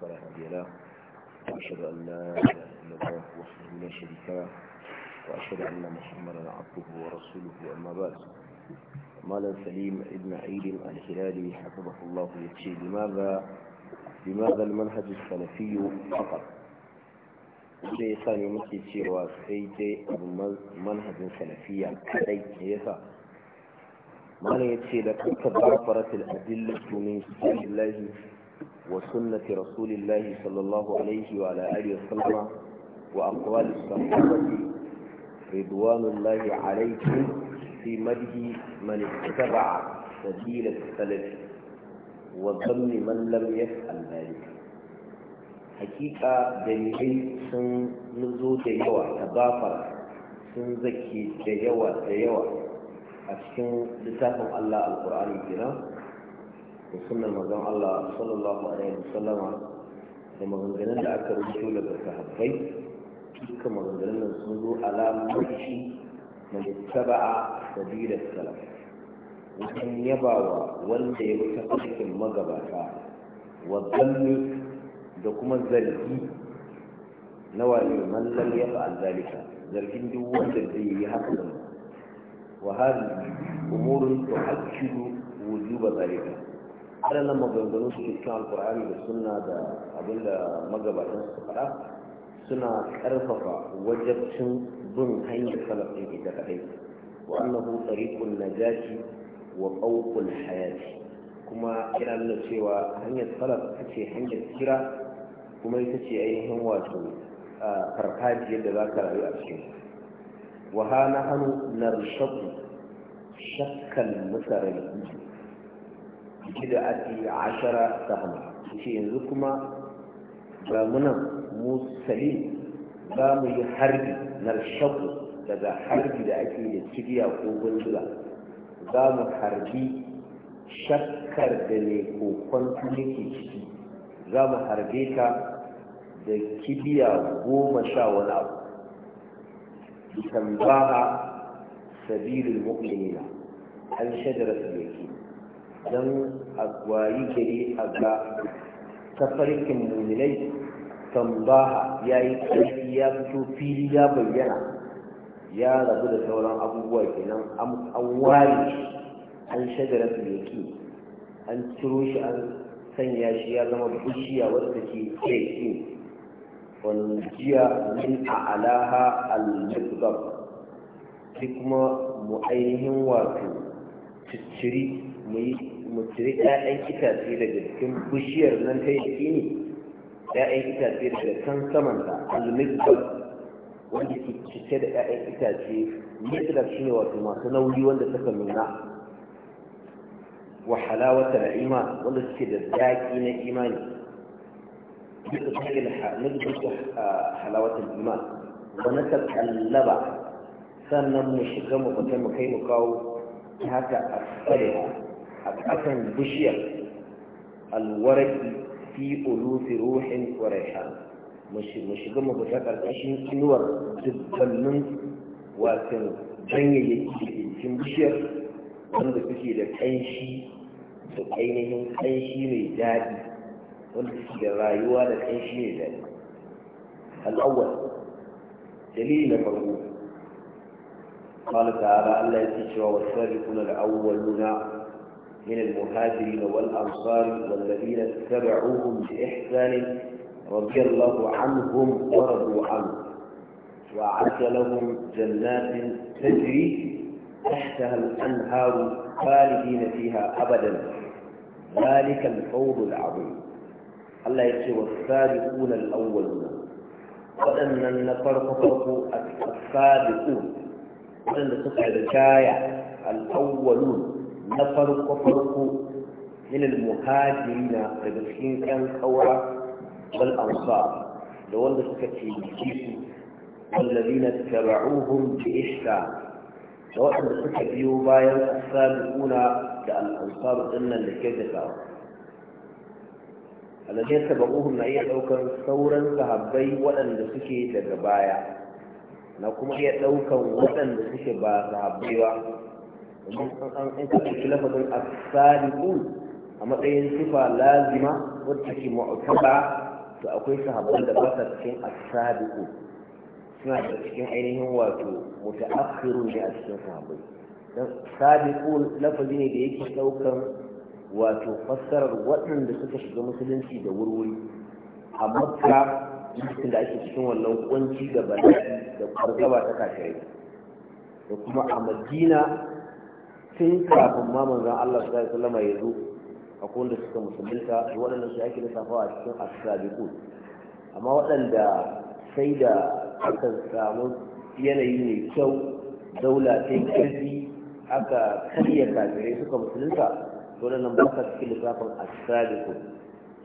فلا هادي له وأشهد أن لا إله إلا الله وحده لا شريك له وأشهد أن محمدا عبده ورسوله أما بعد مالا سليم ابن عيد الهلالي حفظه الله يكشي لماذا لماذا المنهج السلفي فقط شيء ثاني مثل شيء sai منهج سلفي manhajin salafiya kadai ne yasa لك ya ce da kanka الله وسنة رسول الله صلى الله عليه وعلى آله وسلم وأقوال الصحابة رضوان الله عليهم في مده من اتبع سبيل السلف وضم من لم يفعل ذلك hakika dalilai sun nuzo da yawa ta bafar sun zake da yawa da yawa a cikin littafin Allah al-Qur'ani kenan da sunan mazan Allah sallallahu alaihi wasallama da maganganun da aka rubuto daga sahabbai dukkan maganganun nan sun zo alamomi na littaba'a da bilar salaf wajen yabawa wanda ya wuce cikin magabata wa zalli da kuma zargi na wani mallan ya fa'al zalika zargin duk wanda zai yi haka nan wa hadi umurun tu'akkidu wujuba zalika waɗannan maganganu su cikin alkur'ani da suna da abin da magabatan su faɗa suna ƙarfafa wajabcin bin hanyar salafin ita kaɗai wa annahu tariqun najati wa hayati kuma yana nuna cewa hanyar salaf ita ce hanyar kira kuma ita ce ainihin wato farfajiyar da za ka rayu a cikin wa hana hannu na rishatu shakkal musarari bid'ati ashara sahma shi yanzu kuma ba muna musali ba mu yi harbi na shaku daga harbi da ake da kibiya ko gundula za mu harbi shakkar da ne ko kwantu yake ciki za mu harbe ka da kibiya goma sha wani abu bisan ha sabirin mu'minina an shajara su yake don agwayi gari a ga tafarkin muminai tambaha ya yi ƙarfi ya fito fili ya bayyana ya rabu da sauran abubuwa kenan an ware an shagara su yake an ciro shi an sanya shi ya zama bishiya wadda ke tsaye wanjiya min a'alaha al-mizgab shi kuma mu ainihin wato cicciri mai mutiri ɗayan itace daga cikin bishiyar nan ta yi ne ɗayan itace daga can saman ta almizbal wanda ke cike da ɗayan itace mizbal shi ne wato masu nauyi wanda suka nuna wa halawata na ima wanda suke da zaƙi na imani bisa cikin nuzbutu halawata iman wani ta kallaba sannan mu shiga mu fita mu kai mu kawo ta haka a tsare أكن بشيا الورد في ألوث روح وريحان مش مش ضمن بشكل عشان نور تبلن وكن بيني في بشيا عند بشيا تنشي تعينه تنشي ميدادي عند بشيا رايوا تنشي ميدادي الأول دليل مرغوب قال تعالى الله يتشوى والسابقون الأولون من المهاجرين والأنصار والذين اتبعوهم بإحسان رضي الله عنهم ورضوا عنه وأعد لهم جنات تجري تحتها الأنهار خالدين فيها أبدا ذلك الفوض العظيم الله يقول والسابقون الأولون وأن نفرق فرق السابقون وأن تقع الكاية الأولون na farko farko min al na daga cikin ƴan kawara wal ansar da wanda suka ce biki su wallazina tabauhum bi ishka da wanda suka biyo bayan as-sabiquna da al-ansar dinnan da ke da alladhina tabauhum na iya daukan sauran sahabbai waɗanda suke daga baya na kuma iya daukan waɗanda suke ba sahabbai ba in ka ɗauki lafazin asaliku a matsayin sifa lazima wadda take mu'taba to akwai sahabban da ba sa cikin suna da cikin ainihin wato muta'akhiru ne a cikin sahabbai dan sabiqu lafazi ne da yake daukan wato fassarar waɗanda suka shiga musulunci da wurwuri a makka lokacin da ake cikin wannan kunci da bala'i da fargaba ta kafirai da kuma a madina tun kafin ma zan Allah sallallahu alaihi wasallam ya zo akwai wanda suka musulunta waɗanda su ake lissafawa a cikin asabiqun amma waɗanda sai da aka samu yanayi mai kyau daula ta kirfi aka karya kafirai suka musulunta waɗanda ba ka cikin lissafin asabiqun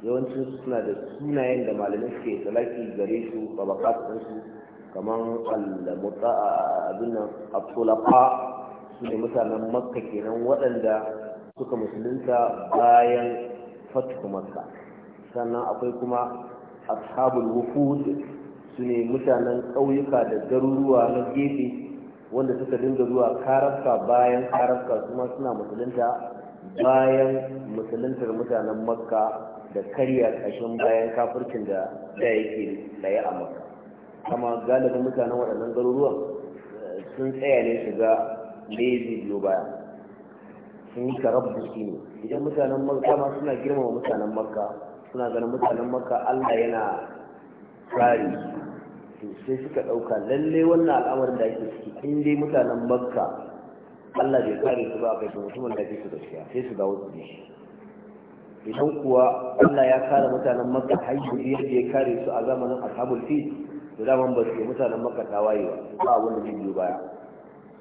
yawanci suna da sunayen da malamai suke tsalaki gare su babakatun su kamar al-muta'a abin nan al su ne mutanen makka kenan waɗanda suka musulunta bayan fatu makka sannan akwai kuma ashabul wufud su ne mutanen ƙauyuka da garuruwa na gefe wanda suka dinga zuwa karafka bayan karafka kuma suna musulunta bayan musuluntar mutanen makka da karya ƙashin bayan kafircin da da yake tsaye a makka kama galibin mutanen waɗannan garuruwan eh, sun tsaya ne shiga lezi biyo baya sun yi karabbuki ne idan mutanen makka ma suna wa mutanen makka suna ganin mutanen makka allah yana tsari sai suka ɗauka lalle wannan al'amarin da ake ciki in dai mutanen makka allah bai kare su ba a kai mutumin da ke su gaskiya sai su dawo su shi idan kuwa allah ya kare mutanen makka har yadda ya kare su a zamanin ashabul Fit da zaman ba su mutanen makka tawaye ba ba abin da zai baya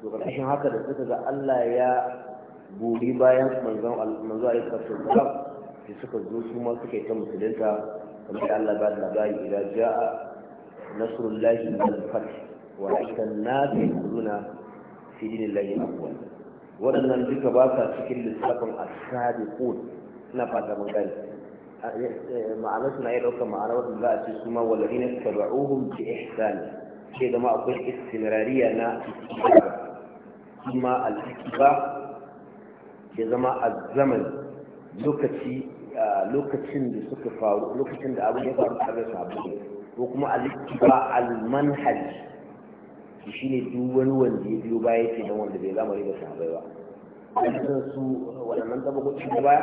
to ƙarƙashin haka da suka ga Allah ya buri bayan manzon manzo a yasa to shi sai suka zo su ma suka yi ta musulunta kamar da Allah ba da labari idan ja'a nasrullahi wal fath wa aika an-nas yadkhuluna fi dinillahi afwan wadannan duka ba sa cikin lissafin as-sabiqun ina fata mun gani eh, eh, ma'anar suna iya ɗaukar ma'ana wadda za a ce su ma walari na taba'uhum bi ihsani sai zama akwai istimrariya na Kuma al-haqiqa ya zama a zaman lokaci lokacin da suka faru lokacin da abin ya faru tare da sabu ko kuma al-ittiba al-manhaj shine duk wani wanda ya biyo baya yake dan wanda bai zama riba sahabbai ba sun su waɗannan tabakoci da baya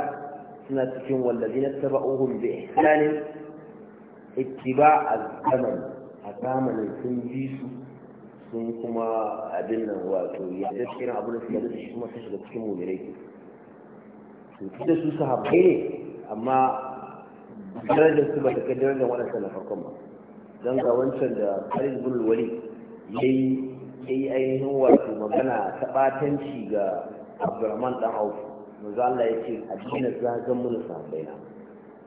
suna cikin wallazi na taba'uhum bi ihsanin ittiba az-zaman a zamanin sun bi su sun kuma abin nan wato yadda cikin abu da suka da shi kuma sun shiga cikin mumirai to da su sahabbai ne amma darajar su ba ta kai darajar waɗansa na farkon ba don ga wancan da Khalid bin Walid yayi yayi ainihin wato magana ta ɓatanci ga Abdurrahman dan Auf manzo Allah yace addinin zagan mun sahabbai na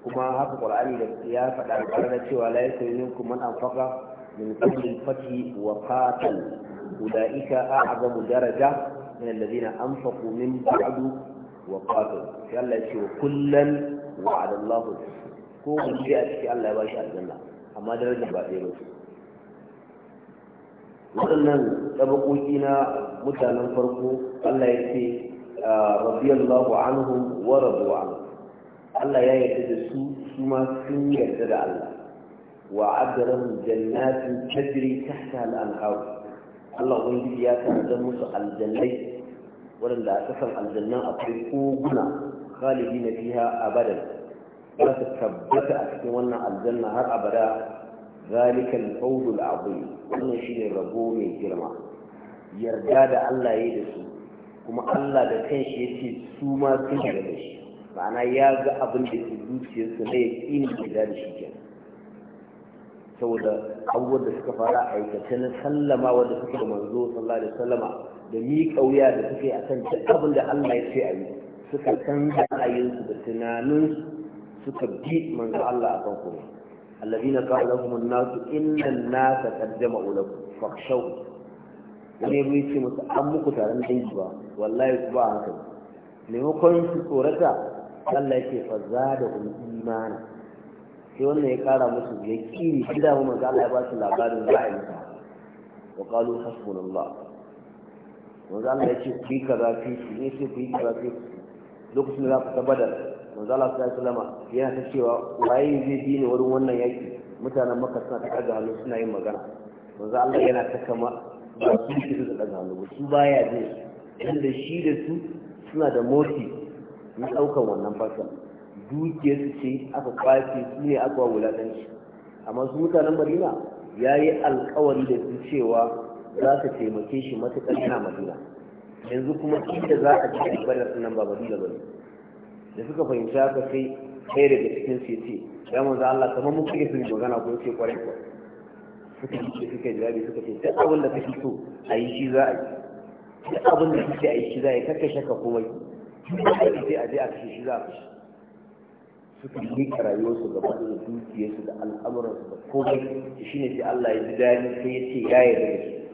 kuma haka Qur'ani da ya faɗa da cewa la yasayyukum man anfaqa من قبل الفتح وقاتل أولئك أعظم درجة من الذين أنفقوا من بعد وقاتل قال الله كلا وعد الله ko ku a ciki Allah ya ba shi aljanna amma ba waɗannan tabakoki na mutanen farko Allah ya ce radiyallahu anhum wa radu Allah ya yarda da su su ma sun yarda da Allah وعد لهم جنات تجري تحتها الأنهار الله ويجب يا كان دمس الجنات ولن لا تفهم الجنة أطرقونا خالدين فيها أبدا لا تثبت أكتمنا الجنة هر أبدا ذلك الفوز العظيم أن شيء ربو من جرمه yarda da Allah ya yi da su kuma Allah da kanshi ya ce su ma sun shiga da shi ma'ana ya ga abin da ke zuciyarsu na ya ƙini da da shi ke saboda abubuwan da suka fara aikace na sallama wanda suka da manzo sallallahu alaihi wasallama da mi kauya da suke a kan duk abin da Allah ya ce a yi suka canza ra'ayinsu da tunanin suka bi manzo Allah akan komai alladhina qala lahum an-nasu inna an-nasa qad jama'u lakum fakhshaw wani ruwa ce musu an muku taron dangi ba wallahi ku ba haka hankali maimakon su tsorata Allah ya ce da zadahum imana sai wannan ya kara musu ya kiri shi da kuma Allah ya ba su labarin ra'ayin sa wa qalu hasbunallah manzo Allah ya ce ku kaza su ne sai ku kaza ku lokacin da ku tabbatar manzo Allah sallallahu alaihi yana ta cewa waye zai bi ne wurin wannan yaki mutanen Makka suna ta kaga hannu suna yin magana manzo Allah yana ta kama ba su shi da daga hannu su baya jin inda shi da su suna da moti na ɗaukan wannan fasa dukiyarsu ce aka kwace su ne aka wulatanci. amma su mutanen madina ya yi alkawari da su cewa za su taimake shi matuƙar yana madina yanzu kuma inda za a ci da sunan ba madina ba ne da suka fahimci haka sai ɗaya daga cikin su ce ya manzo Allah kamar muka yi sun magana ko ce kwarai ko suka yi ce suka jawabi suka ce duk abin da kake so a yi shi za a yi duk abin da kake a yi shi za a yi kakka shakka komai duk abin da kake a je a kashe shi za a kashe suka miƙa rayuwarsu gaba da dukiyarsu da al'amuransu da komai shi ne sai Allah ya ji daɗi sai ya ce ya yarda da shi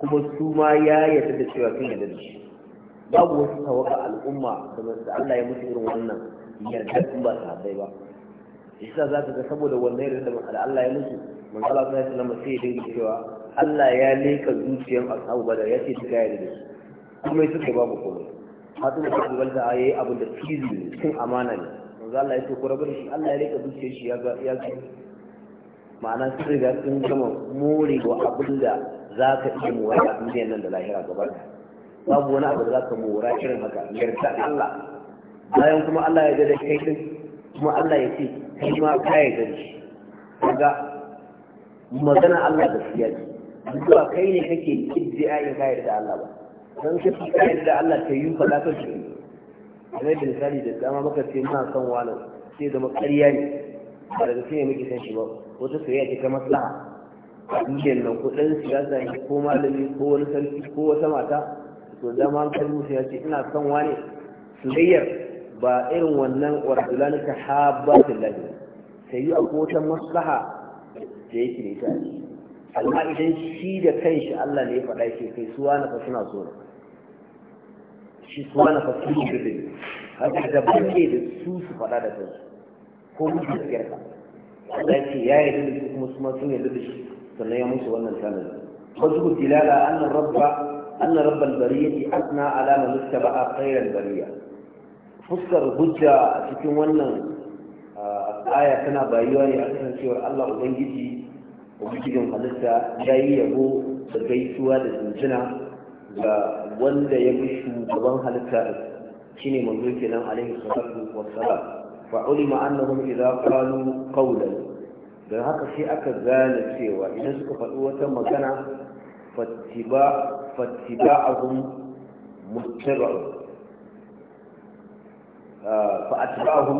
kuma su ma ya yarda da cewa sun yarda da shi babu wasu tawaga al'umma da su Allah ya mutu irin wannan yarda in ba sahabbai ba yasa za ka ga saboda wannan yarda da Allah ya mutu man Allah ta yi lama sai ya dinga cewa Allah ya leka zuciyar ashabu bada ya ce suka yarda da shi kuma suka babu komai Fatima ta balta a yayi abin da fizi sun amana ne manzo Allah a ce ku rabu shi Allah ya rika zuciyar shi ya ga ya ga ma'ana sun riga sun gama more wa abin da za ka iya mora a duniyar nan da lahira gaba babu wani abu da za ka mora irin haka yarda Allah bayan kuma Allah ya da kai din kuma Allah ya ce kai ma ka yarda da shi kaga magana Allah gaskiya ce ba kai ne kake kiddi ayin ka yarda Allah ba don ka yarda Allah ta yi fa ka shi kamar da misali da dama maka ce muna son wani sai zama ƙarya ne ba daga sai muke san shi ba wata soyayya ce ta maslaha a duniyar nan ko ɗan siyasa ne ko malami ko wani sarki ko wata mata to dama an kalmu ya ce ina son wani soyayyar ba irin wannan warzulani ta habbatin lafi sai yi akwai wata maslaha da yake da ita amma idan shi da kanshi Allah ne ya faɗa shi kai suwa na fa suna shi kuma na fasu shi da haka da banke da su su faɗa da kansu ko mu da gaskiyarka Allah ce ya yi da su kuma su ma sun da shi sannan ya musu wannan tanadi wasu ku tilala annan rabba annan rabbal bariyati asna ala man ittaba'a khayral bariya fuskar hujja a cikin wannan aya tana bayuwa ne a kan cewa Allah ubangiji ubangijin halitta ya yi yabo da gaisuwa da zinjina ga wanda ya bi shugaban halitta shine manzo kenan alaihi salatu wassalam fa ulima annahum idza qalu qawlan dan haka sai aka gane cewa idan suka faɗi wata magana fattiba fattiba'ahum muttaba ah, fa atba'ahum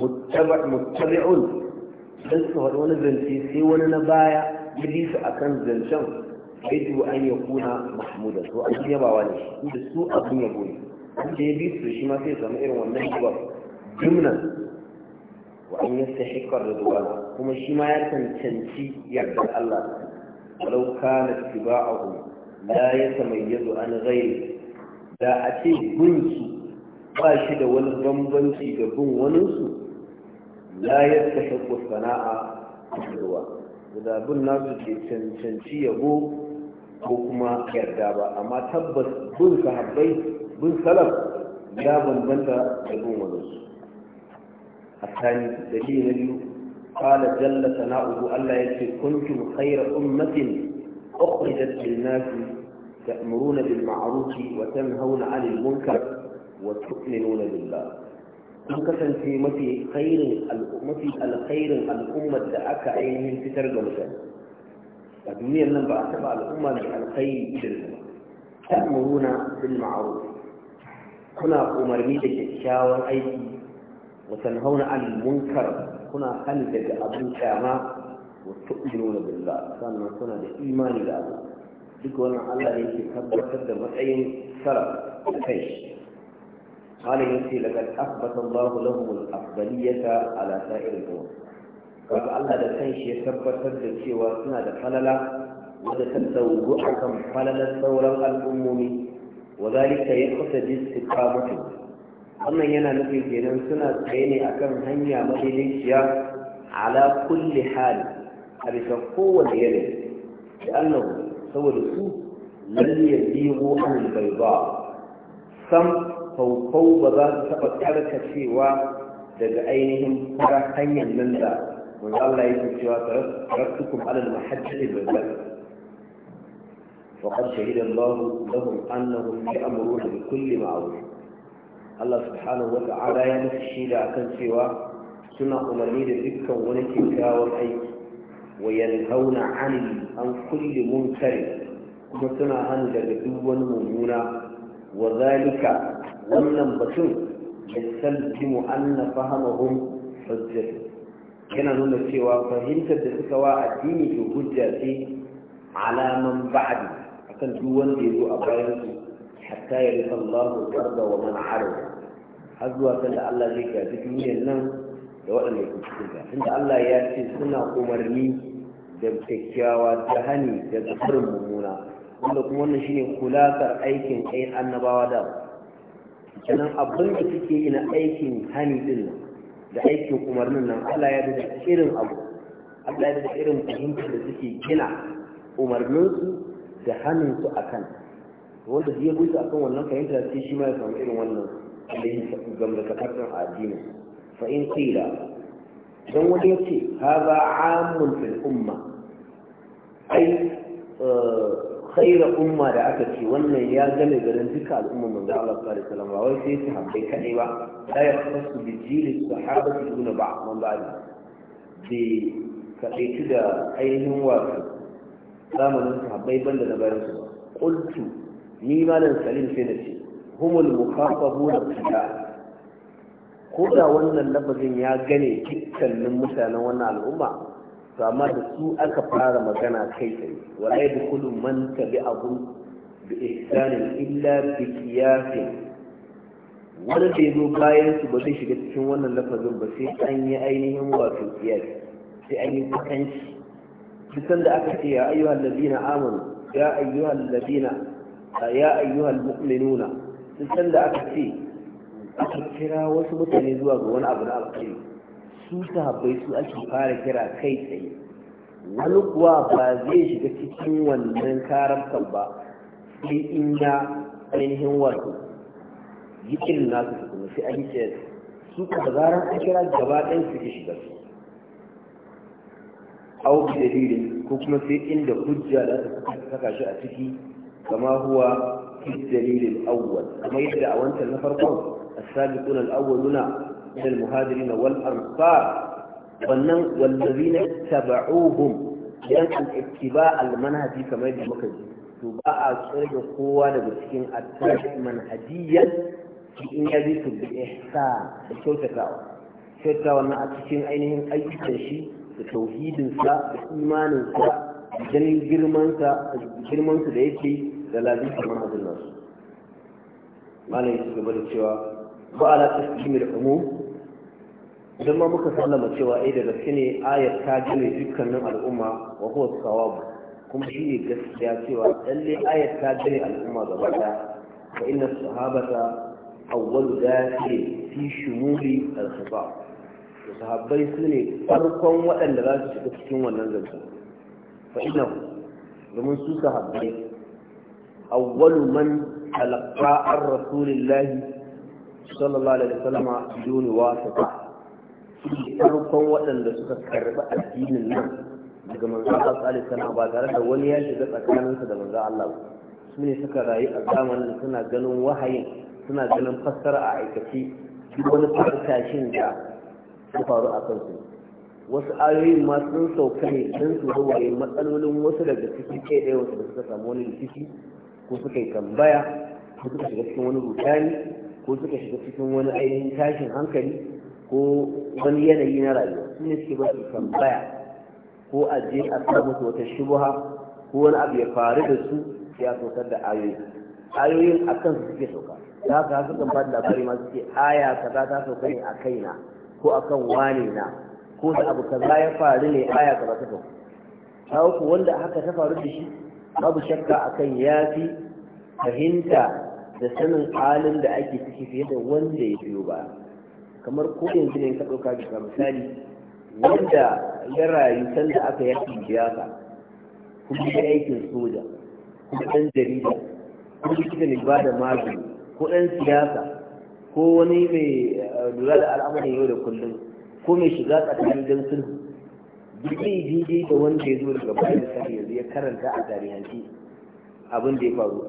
muttaba muttabi'un dan suka faɗi wani zance sai wani na baya ya su akan zancen yadda an ya kuna mahmuda to an yabawa ne inda su abin yabo ne inda ya bi su shi ma sai zama irin wannan yabar jumnan wa an yi da ridwan kuma shi ma ya cancanci yardar Allah walau kana tiba'ahu la yatamayyazu an ghairi da a ce gunsu ba shi da wani bambanci ga bin waninsu la yastahiqu sana'a ridwan da bin nasu ke cancanci yabo ko kuma yarda ba amma tabbas bin sahabbai bin salaf ya bambanta da bin wani su a tsani da shi na biyu kala jalla sana'u Allah ya ce kuntum khayra ummatin ukhrijat lin nas ta'muruna bil ma'ruf wa tanhauna 'anil munkar wa tu'minuna billah kun kasance mafi khairin al'ummati al khairin al'ummat da aka ainihin fitar da mutane الدنيا لن تبع الأمة لألقي إذنهم تأمرون بالمعروف هنا أمر ميدك الشاور أيدي وتنهون عن المنكر هنا خلدك أبو كاما وتؤمنون بالله كان ما كنا بإيمان الله ذكرنا على ذلك كبر كبر وعين سرق الحيش قال يمسي لقد أثبت الله لهم الأفضلية على سائر الأمور kaga Allah da kanshi ya tabbatar da cewa suna da falala wadda ta dauru akan falalar sauran al'ummomi wa zalika ya kusa istiqamatu wannan yana nufin kenan suna tsaye ne akan hanya madaidaiciya ala kulli hali a bisa kowane yanayi da saboda su lalle ya an bai ba sam faufau ba za su taɓa karkacewa daga ainihin fara hanyar nan da wanda Allah yake cewa taraktukum alal mahajjati bil وقد kulli الله allah انهم يامرون بكل معروف الله سبحانه akan cewa suna umarni da dukkan wani لذكا aiki والأيك وينهون عن an كل منكر kuma suna hannu daga duk wani mummuna wa zalika wannan batun da saljimu an na fahimahun hujjatu yana nuna cewa fahimtar da suka wa addini to hujja ce alaman ba'adi. akan duk wanda ya zo a bayan su hatta ya rufe Allahu arda wa man arda har zuwa kan da Allah zai gaji duniyar nan da waɗanda ke cikin ta tunda Allah ya ce suna umarni da kyakkyawa ta hani da zafarin mummuna wanda kuma wannan shine kulasar aikin ɗayan annabawa da kenan abin da suke yi na aikin hani din nan da aikin umarnin nan Allah ya da irin abu Allah ya da irin fahimtar da suke gina umarninsu da hannunsu a kan wanda zai gudu akan wannan fahimta sai shi ma ya samu irin wannan da yi gamdakatar a addinin fa in qila dan wani yace hadha amun fil umma ai eh, khaira umma da aka ce wannan ya gane garin duka al'umma manzo Allah sallallahu alaihi wasallam ba wai sai su habbe kai ba Da ya la su bi jili sahabati dun ba man ba bi kaɗaitu da ainihin wato zamanin sahabbai banda da bayan su qultu ni malam salim sai na ce humul mukhafafuna kada ko da wannan lafazin ya gane dukkanin mutanen wannan al'umma to amma da su aka fara magana kai tsaye wala yadkhulu man tabi'ahu bi ihsanin illa bi kiyafi. wanda da yazo bayan su ba zai shiga cikin wannan lafazin ba sai an yi ainihin wato qiyas sai an yi kakanci duk sanda aka ce ya ayyuhal ladina amanu ya ayyuhal ladina ya ayyuhal mu'minuna duk sanda aka ce aka kira wasu mutane zuwa ga wani abu na alkhairi su sahabbai su ake fara kira kai tsaye wani kuwa ba zai shiga cikin wannan karamtar ba sai in ya ainihin wato yi irin nasu su kuma sai an ce su ka zaran an kira gaba ɗayan su ke shiga su au dalilin ko kuma sai inda hujja da aka saka shi a ciki kama huwa fi dalilin awwal kamar yadda a wancan na farkon as-sabiqun al-awwaluna من المهاجرين والأنصار wannan wallazi na taba'uhum yan al'ittiba almanhaji kamar yadda muka ji to ba a tsere kowa daga cikin attaki manhajiyyan ki in ya zai tubi ihsa da na a cikin ainihin ayyukan shi da tauhidin sa da imanin sa da girman sa da girman sa da yake da lazimin manhajin nasu malam da cewa ba a lafiya cikin da umu idan ma muka sallama cewa ai eh, da gaske ne ayar ta gane dukkanin al'umma wa huwa sawabu kuma shi ne gaskiya cewa lalle ayar ta gane al'umma gaba daya fa inna sahabata awwal dafi fi shumuli al-khitab sahabbai su ne farkon waɗanda za su shiga cikin wannan zance fa inna domin su sahabbai awwal man talaqqa ar-rasulillahi sallallahu alaihi wasallam biduni wasita farkon waɗanda suka karɓi addinin nan daga manzo Allah sallallahu alaihi ba tare da wani ya shiga tsakaninsa da manzo Allah ba su ne suka rayu a zamanin suna ganin wahayin suna ganin fassara a aikace duk wani farkashin da ya faru a kansu wasu ayoyin ma sun sauka ne don su rawaye matsalolin wasu daga cikin ke ɗaya wasu da suka samu wani rikici ko suka yi tambaya ko suka shiga cikin wani rudani ko suka shiga cikin wani ainihin tashin hankali ko wani yanayi na rayuwa sun ne suke basu tambaya ko a je a samu musu wata shubuha ko wani abu ya faru da su ya saukar da ayoyi ayoyin a kan su suke sauka za ka haka kan bada labari ma suke aya kaza ta sauka ne a kaina ko a kan wane na ko da abu kaza ya faru ne aya kaza ta sauka ta uku wanda haka ta faru da shi babu shakka kan ya fi fahimta da sanin halin da ake ciki fiye da wanda ya biyo baya kamar ko yanzu ne ka ɗauka ga misali wanda ya rayu sanda aka yaki biyasa, kuma ya aikin soja kuma ɗan jarida kuma kika ne ba da magani ko ɗan siyasa ko wani mai eh, lura da al'amari yau da kullum ko mai shiga tsakanin don sulhu jirgin jiji da wanda ya zo daga bayan misali yanzu ya karanta a tarihanci abin da ya faru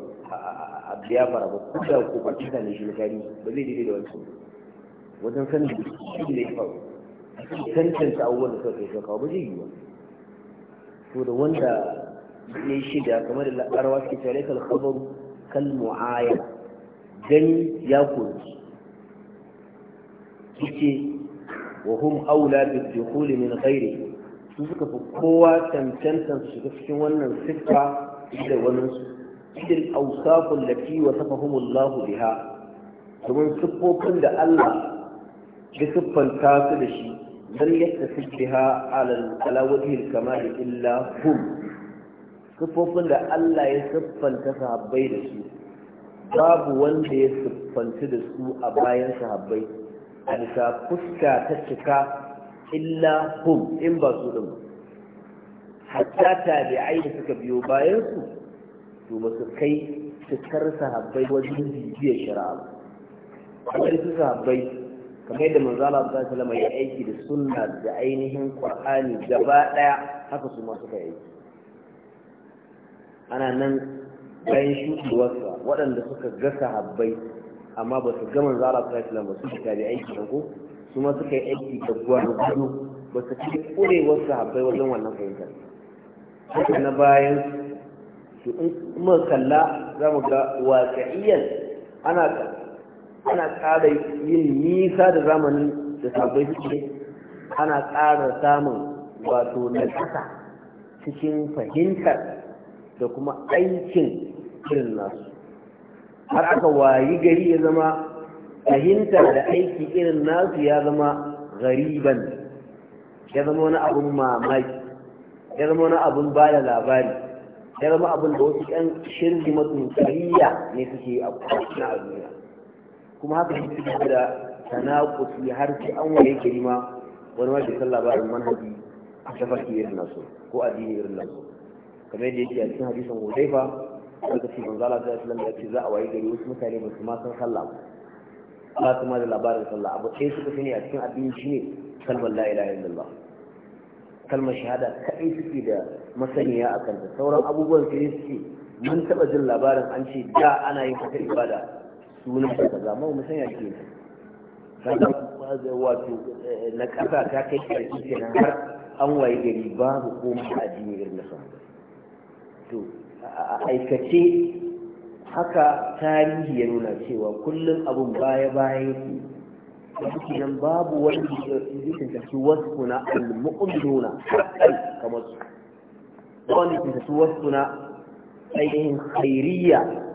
a biyafara ba ko da ko ba kisa ne shi ba zai jiji da wancan wajen sanin shi da ya faru tantance abubuwan da suka kai suka kawo ba zai yi ba to da wanda ya yi shida kamar da larawa suke tare laifin khabaru kal mu'ayan gani ya kori suke wa hum aula bi dukhuli min ghairi su suka fi kowa tantantan su shiga cikin wannan siffa da wannan su idil awsaful lati wa safahumullahu biha domin siffofin da Allah ya siffanta su da shi don yadda su sibbiha ala wajhil kamali illa hum siffofin da Allah ya siffanta sahabbai da su babu wanda ya siffanta da su a bayan sahabbai a bisa fuska ta cika illa hum in ba su din hatta tabi'ai da suka biyo bayan su to ba su kai cikar sahabbai wajen bibiyar shari'a ba kamar su sahabbai kamar yadda manzo Allah sallallahu alaihi wasallam ya aiki da sunna da ainihin Qur'ani gaba daya haka su ma suka yi ana nan bayan wasa waɗanda suka ga sahabbai amma ba su ga manzo Allah sallallahu alaihi wasallam ba su aiki da aiki ko su ma suka yi aiki da gwargwado ba su ci ƙurewar sahabbai wajen wannan fahimtar haka na bayan su in kuma kalla za mu ga waƙi'iyyar ana ana ƙara yin nisa da zamani da sabai suke ana ƙara samun wato na ƙasa cikin fahimtar da kuma aikin irin nasu har aka wayi gari ya zama fahimtar da aiki irin nasu ya zama gariban ya zama wani abun mamaki ya zama wani abun ba da labari ya zama abun da wasu 'yan shirgi masu ne suke a kwanan a duniya kuma haka shi ke da tanakusi har sai an waye gari ma wani ma bai san labarin manhaji a tafarki irin nasu ko addini irin nasu kamar yadda yake a cikin hadisan hudaifa aka ce manzo Allah sallallahu alaihi wasallam ya ce za a waye gari wasu mutane ba su ma san sallah ba su ma da labarin sallah abu ɗaya suka sani a cikin addini shine kalmar la ilaha illallah kalmar shahada kaɗai suke da masaniya a kanta sauran abubuwan sai suke mun taɓa jin labarin an ce da ana yin wata ibada sunan da kaza mu mun ne ya ke kaga wato eh, na kasa ta kai karfi kenan har an waye gari babu komai a jini irin na samu to a aikace haka tarihi ya nuna cewa kullum abun baya baya yake da nan babu wani jikin su wasu na al kai kamar su wani jikin su wasu na ainihin khairiyya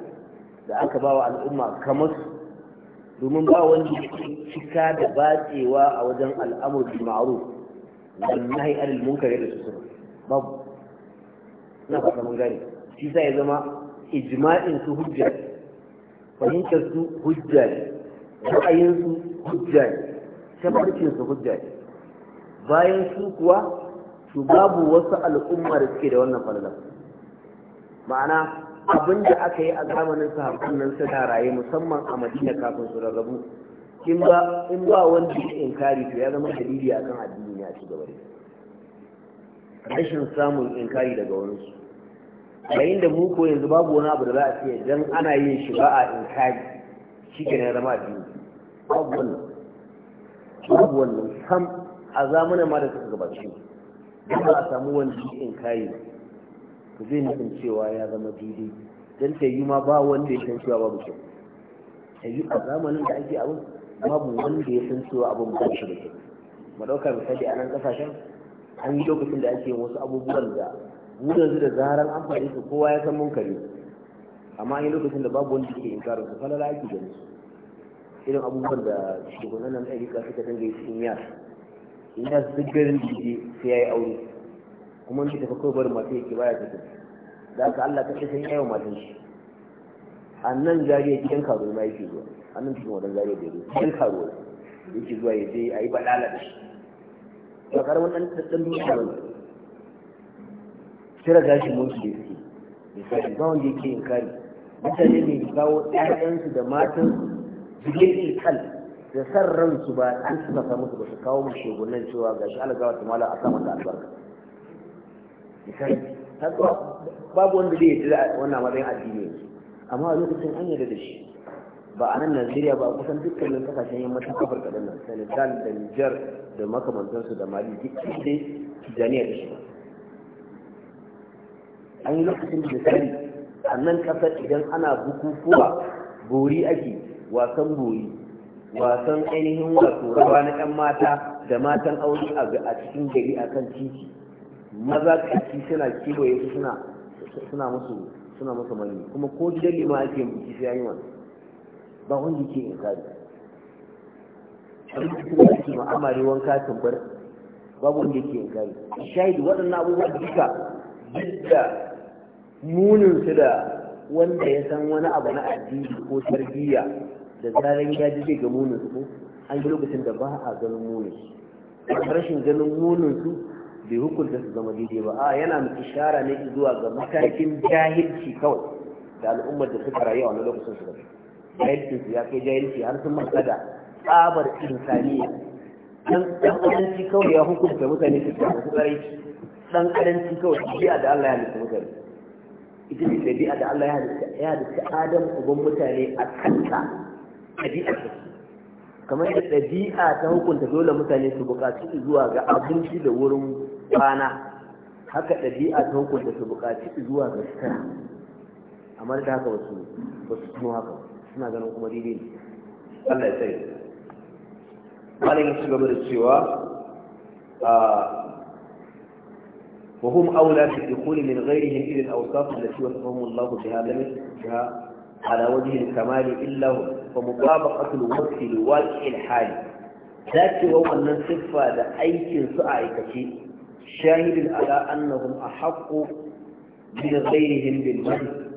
da aka ba wa al'umma kamar domin ba wanda cika da batsewa a wajen al'amur bil ma'ruf na nahi alil munkar da su babu ina fata mun gane shi sa ya zama ijma'in su hujja fahimtar su hujja ne ra'ayin su hujja ne tabbatin su hujja ne bayan su kuwa su babu wasu al'umma da suke da wannan falalar ma'ana abin da aka yi a zamanin sahabban nan suna raye musamman a madina kafin su rarrabu in ba in ba wanda ya inkari to ya zama dalili akan addini ya ci gaba rashin samun inkari daga wani su yayin da mu ko yanzu babu wani abu da za a ce dan ana yin shi ba a inkari shi ke ya zama addini babu wannan babu wannan sam a zamanin ma da suka gabace ba a samu wani inkari ba ku zai nufin cewa ya zama dide don ta yi ma ba wanda ya san cewa babu kyau ta yi a zamanin da ake abin babu wanda ya san cewa abin ba shi da kyau mu ɗauka misali a nan ƙasashen an yi lokacin da ake wasu abubuwan da mu yanzu da zaran an faɗi su kowa ya san munkari amma an yi lokacin da babu wanda ke inkarin su falala ake gani irin abubuwan da shugabannin nan ɗari ka suka dinga yi in yas in yas duk garin da sai ya yi aure kuma in tafi kawai bari masu yake baya tafi da aka Allah ta san yawa masu shi a nan zariya gidan karo ma yake zuwa a nan cikin wadan zariya bai zuwa gidan karuwa yake zuwa ya je a yi balala da shi ba karamin ɗan ɗan duniya ba cire gashin mulki da suke misali ba wanda yake yin kari mutane ne kawo ɗayansu da matan su bilin kal da san ransu ba an suka samun su ba su kawo mu shegunan cewa gashi alagawa tumala a sa da albarka babu wanda zai yi wannan matsayin addini ne amma a lokacin an yarda da shi ba a nan najeriya ba kusan dukkanin kasashen yammacin afirka da nan senegal da niger da makamantansu da mali duk da tijaniya da shi ba an yi lokacin da misali a nan kasar idan ana bukukuwa bori ake wasan bori wasan ainihin wato rawa na 'yan mata da matan aure a cikin gari a kan titi maza kaki suna kewaye su suna suna musu suna musu mani kuma ko dalli ma ake biki sai yayi wani ba wanda ke inkari abin cikin da ake ma'amari wanka tambar babu wanda ke inkari shahidi waɗannan abubuwa duka duk da munin su da wanda ya san wani abu na addini ko tarbiyya da zaran ya ji ga munin su an yi lokacin da ba a ganin munin su rashin ganin munin su bai hukunta su zama daidai ba a yana ishara ne zuwa ga matakin jahilci kawai da al'ummar da suka rayu a wani lokacin su gaba jahilcin su ya kai jahilci har sun manta da tsabar insaniya dan dan kawai ya hukunta mutane su tafi su tsare dan adanci kawai biya da Allah ya halitta mutane ita ce dabi'a da Allah ya halitta ya halitta Adam uban mutane a kanta dabi'a ce kamar da ɗabi'a ta hukunta dole mutane su buƙaci zuwa ga abinci da wurin rana haka ɗabi'a ta hukunta su buƙaci zuwa ga shekara amma da haka wasu su tuno haka suna ganin kuma daidai ne Allah ya sai Malam ya shiga da cewa a wa hum aula bi dukhuli min ghayrihim ila al-awsaf allati wasafahum Allah biha lam yashha ala wajhi al-kamal illa hum fa mutabaqatu al-wajhi li waqi al Ta ce wa wannan siffa da aikinsu a aikace شاهد على أنهم أحق من غيرهم بالمن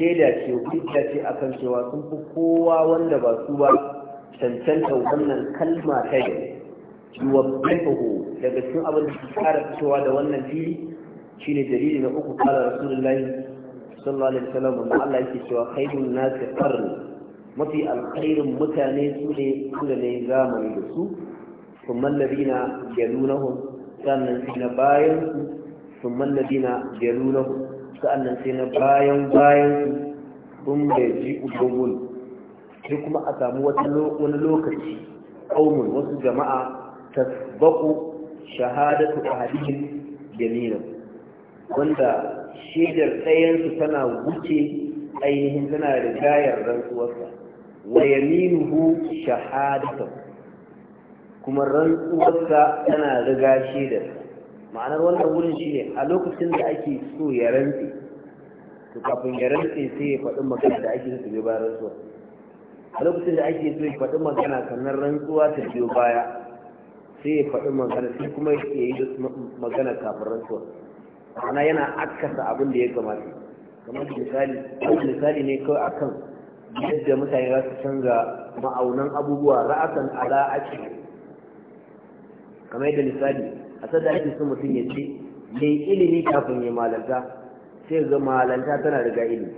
shaida ce hujja ce akan cewa sun fi kowa wanda ba su ba cancanta wannan kalma ta yi yuwabbihu daga cikin abin da ke fitowa da wannan fili shine dalili na uku kala rasulullahi sallallahu alaihi wasallam wanda Allah yake cewa khairun nasi qarni mafi alkhairin mutane su ne da da su sannan sai na bayan su sun na jalunahu sannan sai na bayan bayan su sun da ji ubogun sai kuma a samu wani lokaci ƙaunin wasu jama'a ta baku shahadatu a hadihin jami'in wanda shaidar ɗayansu tana wuce ainihin tana da gayar rantsuwarsa wa yaminuhu shahadatu kuma rantsuwarsa tana riga shi su. ma'anar wannan wurin shi ne a lokacin da ake so ya rantse to kafin ya rantse sai ya faɗi magana da ake so biyo bayan rantsuwa a lokacin da ake so ya faɗi magana sannan rantsuwa ta biyo baya sai ya faɗi magana sai kuma ya yi magana kafin rantsuwa ma'ana yana akasa abin da ya kamata kamar misali misali ne kawai akan yadda mutane za su canza ma'aunan abubuwa ra'asan ala ake kamar yadda misali a sadda ake so mutum ya ce ne ilimi kafin ya malanta sai ga malanta tana riga ilimi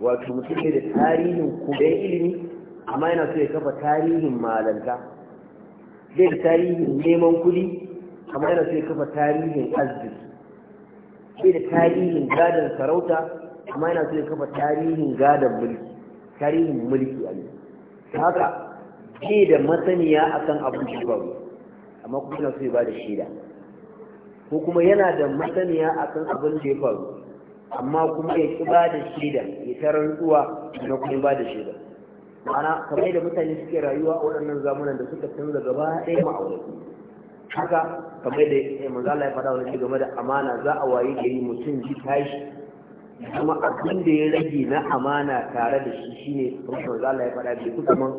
wato mutum ne da tarihin kuma ilimi amma yana so ya kafa tarihin malanta zai da tarihin neman kuɗi amma yana so ya kafa tarihin arziki zai da tarihin gadon sarauta amma yana so ya kafa tarihin gadon mulki tarihin mulki a ne haka ke da masaniya akan abin da amma kuma yana so ya bada shaida ko kuma yana da masaniya akan abin da ya faru amma kuma ya ki ba da shaida ya tarar rantsuwa na kuma ba da shaida ma'ana kamar da mutane suke rayuwa waɗannan zamanan da suka canza gaba ɗaya ma'aure haka kamar da eh, manzo Allah ya faɗa wani shi game da amana za a waye yi mutum ji tashi kuma abin da ya rage na amana tare da shi shine manzo Allah ya faɗa bai kusa man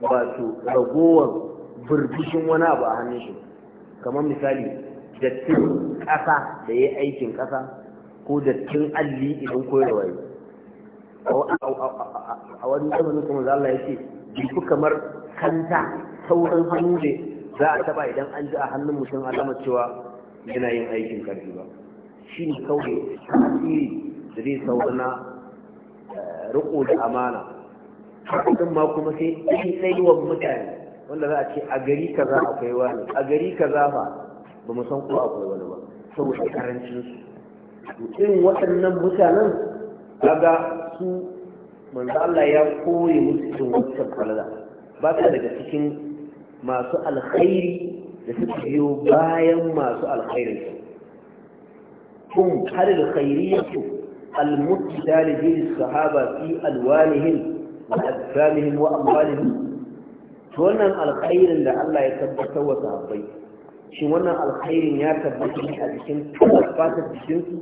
wato ragowar burbushin wani abu a hannun shi kamar misali dattin ƙasa da ya aikin ƙasa ko dattin alli idan koyarwa yi a wani zamanin kuma za Allah ya ce jiku kamar kanta sauran hannu ne za a taba idan an ji a hannun mutum alamar cewa yana yin aikin ƙarfi ba shi ne kawai tasiri da zai saurana eh, riko da amana a cikin ma kuma sai ɗai ɗaiwan mutane wanda za a ce a gari kaza akwai wani a gari za ba ba mu san ko akwai wani ba saboda karancin su irin waɗannan mutanen kaga su manzo Allah ya koye musu cikin wancan falala ba ta daga cikin masu alkhairi da suka biyo bayan masu alkhairi kun har alkhairiyatu المتدى sahaba, fi في ألوانهم وأجسامهم وأموالهم to wannan alkhairin da Allah ya tabbatar wa sahabbai shi wannan alkhairin ya tabbata ne a jikin fatar jikinsu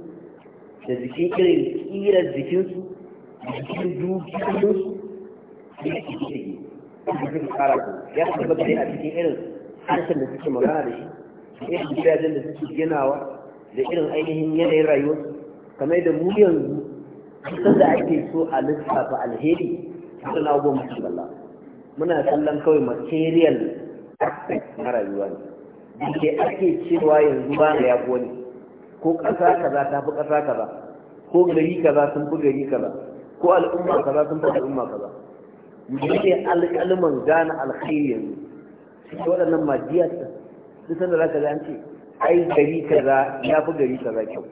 da jikin irin kirar jikinsu da jikin dukiyoyinsu da jikin jikin kara ya tabbata ne a cikin irin harshen da suke magana da shi da irin gidajen da suke ginawa da irin ainihin yanayin rayuwar? rayuwarsu kamar da mu yanzu kusan da ake so a lissafa alheri suna abubuwan mutum Allah muna kallon kawai material aspect na rayuwa ne da ke ake cewa yanzu ba na ya ne ko ƙasa kaza ta fi ƙasa kaza ko gari kaza sun fi gari kaza ko al'umma kaza sun fi al'umma kaza mutum alƙalman gane alkhairi yanzu cikin waɗannan majiyar ta duk sanda za ka ga an ce ai gari kaza ya fi gari kaza kyau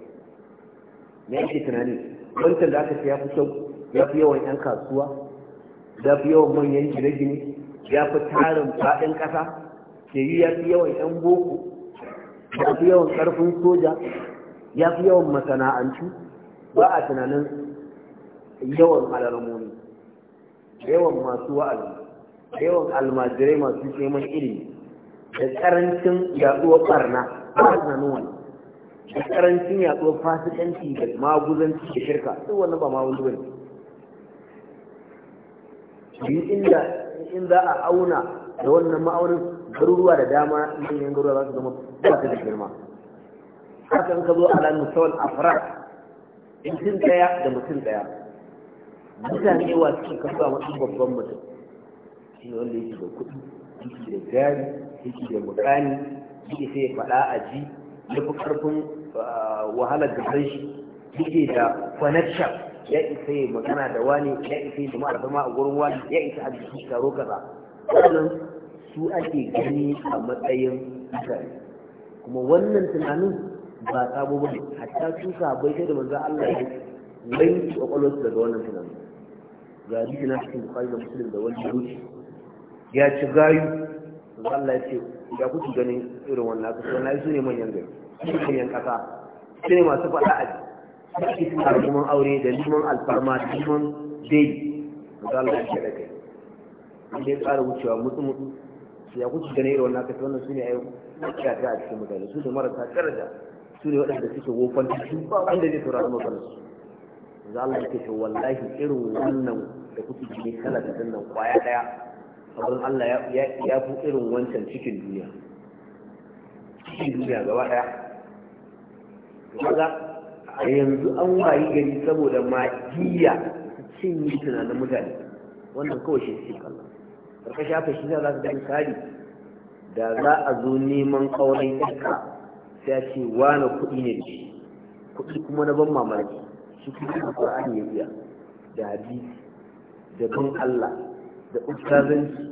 me ake tunani wancan da aka ce ya fi kyau ya fi yawan 'yan kasuwa da fi yawan manyan gine-gine ya fi tarin faɗin ƙasa ke yi ya fi yawan 'yan boko ya fi yawan ƙarfin soja ya fi yawan masana'antu ba a tunanin yawan alarmoni yawan masu wa'azi yawan almajirai masu neman ilimi da karancin yaduwar barna ba a tunanin wani da karancin yaduwar fasikanci da maguzanci da shirka duk wannan ba ma wani Bi inda in za a auna da wannan ma'aunin garuruwa da dama manyan garuruwa za su zama ba ta da girma haka in ka zo ala musawal afrak mutum daya da mutum daya mutane wa suke kasuwa wani babban mutum shi wanda yake da kuɗi yake da gari yake da mukani yake sai faɗa a ji ya fi ƙarfin ah, wahalar gaban shi yake da connection ya isa yi magana da wani ya isa yi jama'a zama a gurin wani ya isa a jiki taro kaza wannan su ake gani a matsayin mutane kuma wannan tunanin ba sabo bane hatta su sabai sai da manzo Allah ya wai kwakwalwarsu daga wannan tunanin ga jiki na cikin bukari da musulun da wani ruci ya ci gayu manzo Allah ya ce ya kuke ganin irin wannan haka na yi su ne manyan gari su ne manyan kasa su ne masu faɗa a da ake tuna neman aure da neman alfarma da neman dai da Allah ya da kai inda ya tsara wucewa mutu mutu su ya kuce ganin irin wannan kasa wannan su ne a yau kyata a cikin mutane su ne marasa daraja su ne waɗanda suke wofan su ba wanda zai saurari maganar su da Allah ya ce wallahi irin wannan da kuke jini kala da nan kwaya daya abin Allah ya fi irin wancan cikin duniya cikin duniya gaba daya kaga a yanzu an wayi gari saboda magiya su yi tunanin mutane wannan kawai shi suke kallon karkashin haka shi za su ga kari da za a zo neman kauran iska sai a ce wane kuɗi ne da shi kuɗi kuma na ban mamaki shi kuɗi da ƙur'ani ya biya da hadisi da ban Allah da ustazanci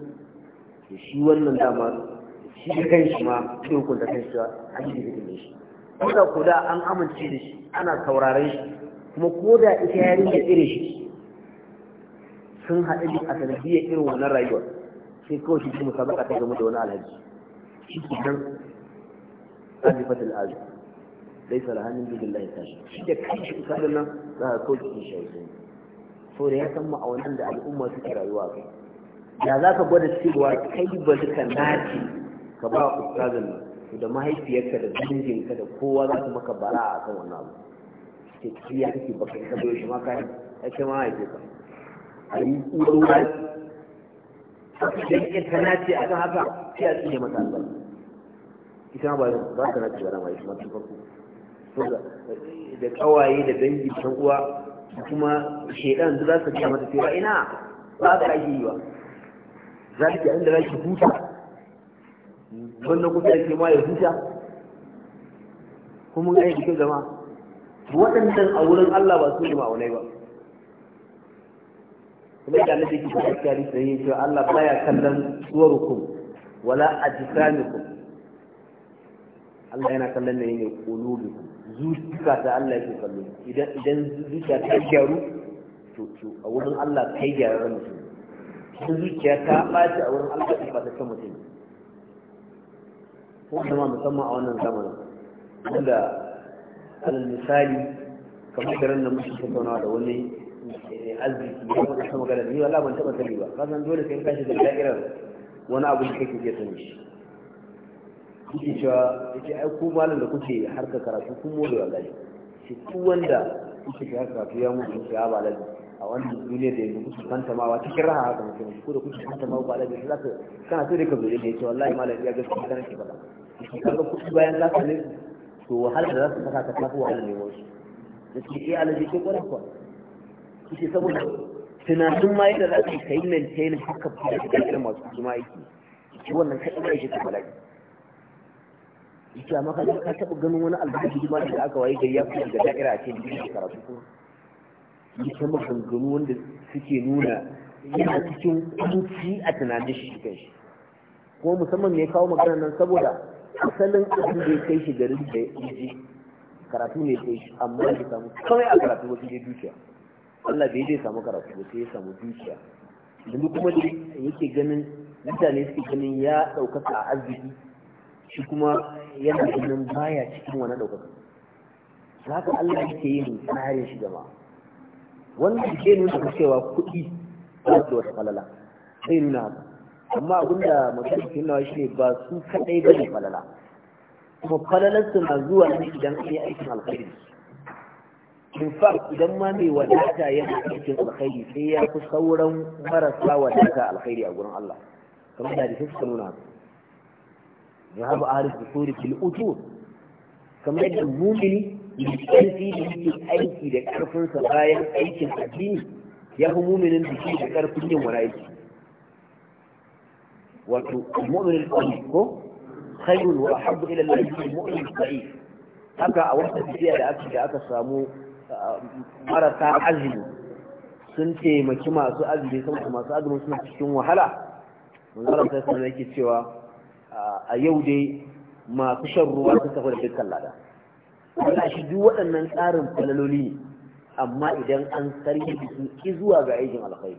da shi wannan dama shi da kan shi ma sai kan shi a hadisi da shi kuda an amince da shi ana saurare shi kuma ko da ita yarinya irin shi sun haɗu ne a sanadiyar irin wannan rayuwar sai kawai shi kuma sabaka ta game da wani alhaji shi ke nan azifat al'azu dai salahanin bidin lahi tashi shi da kai shi kusa nan za a kawai cikin so da ya san ma'aunin da al'umma suke rayuwa kai da za ka gwada cewa kai ba duka naci ka ba ustazin nan to da mahaifiyarka da danginka da kowa za su maka bara a kan wannan abu ke kiya kake baka ka zo shima maka ya ce ma haife ka a yi tsoron wani dan ita tana ce a akan haka sai a tsine mata albarka ita ba ba ta nace ba mai kuma tun farko eh, da kawaye da dangi san uwa kuma shedan da za su ga mata cewa ina ba ka yi ba za ki inda za ki huta wanda kusa yake ma ya huta kuma ai kike zama waɗannan a wurin Allah ba su ne ma'aunai ba kuma da Allah yake cikin kyari sai ya ce Allah baya kallon suwarukum wala ajsamikum Allah yana kallon ne ne qulubikum zuciya ta Allah yake kallon idan idan zuciya ta gyaru to to a wurin Allah kai gyararren mutum zuciya ta ɓaci a wurin Allah ta ɓata mutum wanda ma musamman a wannan zamanin wanda alal misali kamar garin nan mutum tattaunawa da wani eh, arziki ya kuma kasa magana da ni wala ban taɓa sani ba kasan dole sai ka shi da da'irar wani abu da kake iya sani shi kuke cewa yake ai ko malam da kuke harka karatu kun mole wallahi shi ku wanda kuke harka karatu ya mu kuke ya balabi a wannan duniyar da yanzu kuke fantamawa cikin raha haka mutum ko da kuke fantamawa balabi za ka kana so da ka zo da yake wallahi malam ya gaskiya kana ke faɗa shi kaga kuɗi bayan za ka nufi to wahala da za su saka ka tafi wahala ne wasu da su ke alaji ke kwanan kwa kuke saboda tunanin ma yadda za ka yi kayi maintain haka fara da irin masu kuma aiki shi wannan kaɗan aiki ta bala'i yake amma ka ka taɓa ganin wani albashi ma da aka waye gari ya fita daga da'ira a ce da karatu kuma yake maganganu wanda suke nuna yana cikin kunci a tunanin shi kan shi kuma musamman me kawo magana nan saboda asalin abin da ya kai shi garin da ya je karatu ne kai shi amma ya samu kawai a karatu wasu ne dukiya Allah bai zai samu karatu wasu, ya samu dukiya yanzu kuma da yake ganin mutane suke ganin ya ɗaukaka a arziki shi kuma yana ganin baya cikin wani ɗaukaka za ka Allah yake yin tsarin shi jama'a wannan ke nuna cewa kuɗi ba su wata falala sai nuna haka amma abinda mutum ke nawa shi ba su kadai ba ne falala kuma falalar su na zuwa ne idan an yi aikin alkhairi in fact idan ma mai wadata yana aikin alkhairi sai ya fi sauran marasa wadata alkhairi a gurin Allah kamar da hadisi suka nuna haka zahabu ahlus dusuri fil utur kamar yadda mumini ƙarfi da yake aiki da ƙarfinsa bayan aikin addini ya fi muminin da shi da ƙarfin yin wani aiki wato mu'min ko khairun wa ahabbu ila Allah min mu'min haka a wata tafiya da aka da aka samu marasa azumi sun taimaki masu azumi saboda masu azumi suna cikin wahala manzara sai sanar yake cewa a yau dai masu shan ruwa sun tafi da lada wanda shi duk waɗannan tsarin falaloli amma idan an sarki da su zuwa ga aikin alkhairi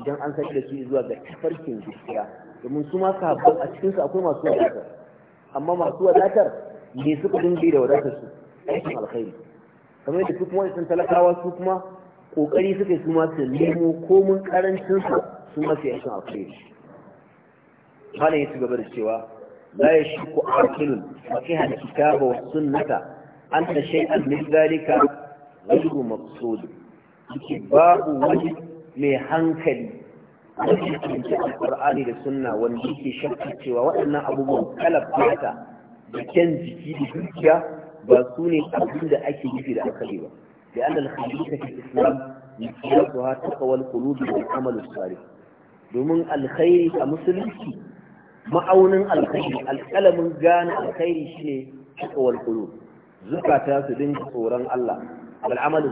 idan an sarki da su zuwa ga tafarkin gaskiya domin su masu haɓar a cikinsu akwai masu wadatar amma masu wadatar ne suka yi da wadatar su aikin alkhairi kamar yadda su kuma wajen talakawa su kuma kokari suka yi su masu nemo komin karancin su su masu yankin aikin alkhairi hana ya su gaba da cewa la ya shi ku a kai da kitaba wa sunnata an ta shay'an min zalika ghayru maqsud babu wani mai hankali wanda ya kinci alƙur'ani da sunna wanda yake shakka cewa waɗannan abubuwan kalar fata da kyan jiki da dukiya ba su ne abin da ake nufi da akali ba da annal khalifata fil islam mutiyatuha taqwal qulubi wal amal domin alkhairi a musulunci ma'aunin alkhairi alƙalamin gane alkhairi shine taqwal qulub zukata su dinga tsoron Allah al amal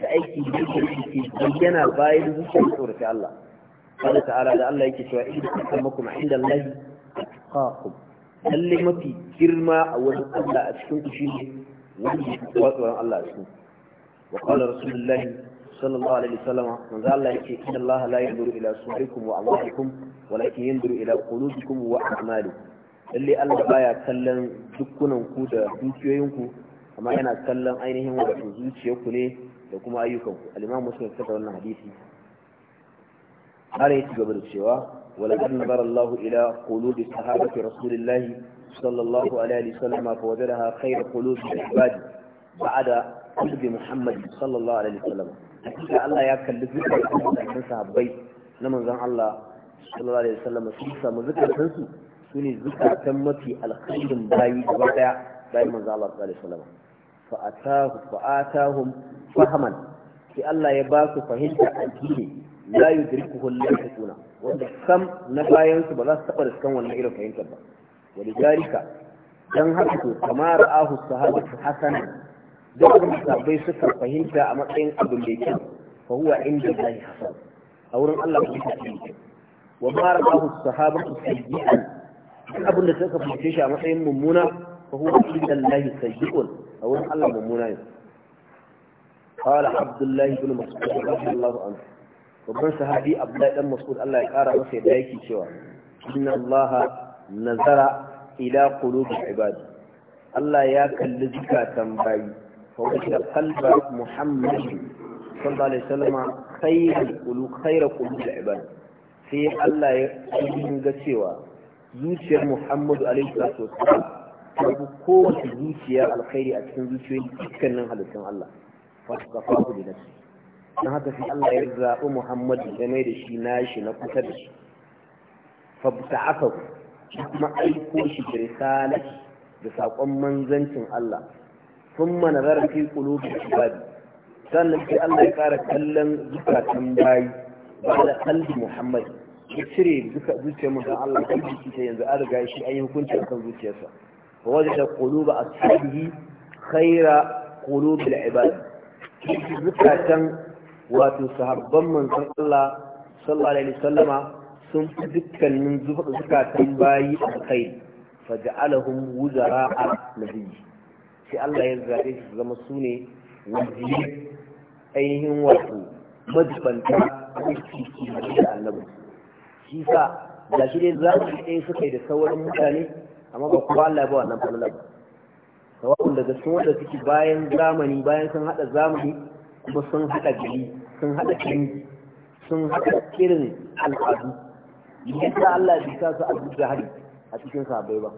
ta aiki da ke ciki bayyana bayan zuciyar tsoron Allah wani ta'ala da Allah yake cewa inda ta kan makon inda lai ka kuma lalle mafi girma a wajen Allah cikin ku shi ne wani kuwa tsoron Allah su wa kwallar sallallahu alaihi wasallam manzo Allah yake inda Allah la yanzuru ila sumarikum wa amwalikum walakin yanzuru ila qulubikum wa a'malikum Allah baya kallon dukkunan ku da dukiyoyinku, ku amma yana kallon ainihin wato zuciyarku ne da kuma ayyukan ku al'imam muslim ta wannan hadisi har ya ci gaba da cewa wala kan nabar Allah ila qulubi sahabati rasulillahi sallallahu alaihi wasallam fa wajadaha khayr qulubi ibadi ba'da qulubi muhammad sallallahu alaihi wasallam hakika Allah ya kalli zuciyar sahabbai na manzon Allah sallallahu alaihi wasallam sun samu zuciyar su sune zuciyar mafi alkhairin bayi gaba daya bayan manzon Allah sallallahu alaihi wasallam Fa'atahun fahaman, sai Allah ya ba su fahimta a addini la yudrikuhu al-lafiquna wanda sam na bayan su ba za su taba riskan wannan irin fahimtar ba walidarika dan haka to kamar ahu sahabatu hasanan duk abin sahabbai suka fahimta a matsayin abin da yake fa huwa inda Allah hasan a wurin Allah ku ta wa ma ra'ahu sahabatu sayyi'an abin da suka fahimce shi a matsayin mummuna fa huwa inda Allah sayyi'un a wurin Allah mummuna ne qala abdullahi ibn mas'ud radiyallahu anhu babban sahabi abdullahi dan mas'ud Allah ya kara masa yadda yake cewa inna Allah nazara ila qulubi ibadi Allah ya kalli zukatan tambayi. fa wajada qalba muhammadin sallallahu alaihi wasallam khayral qulub khayral qulubi sai Allah ya ga cewa zuciyar Muhammadu alaihi tabu kowace zuciyar alkhairi a cikin zuciyoyin dukkanin halittun Allah wata kafa ku da nafsi Na haka sai Allah ya zaɓi Muhammadu ya mai da shi na shi na kusa da shi fa ta'aka kuma aiko shi da risalati da saƙon manzancin Allah sun mana zarafi kulubi ibadi sannan sai Allah ya ƙara kallon zukatan bayi ba da kalbi Muhammad ya cire zuciyar mutum Allah kan jiki yanzu an riga shi an yi hukunci akan zuciyarsa ووجد قلوب أصحابه خير قلوب العباد زكاة وتصحب من صلى الله صلى الله عليه وسلم ثم ذكا من زكاة باي الخير فجعلهم وزراء نبي في الله يزرعي زما سوني وزير ainihin wato majibanta aiki da annabi shi sa da shi dai za su ɗaya suka yi da sauran mutane amma ba kowa Allah ba wannan falala ba sawa'un daga cikin wanda suke bayan zamani bayan sun hada zamani kuma sun hada gari sun hada canji sun hada irin al'adu yadda Allah bai sa su a duk hari a cikin sabai ba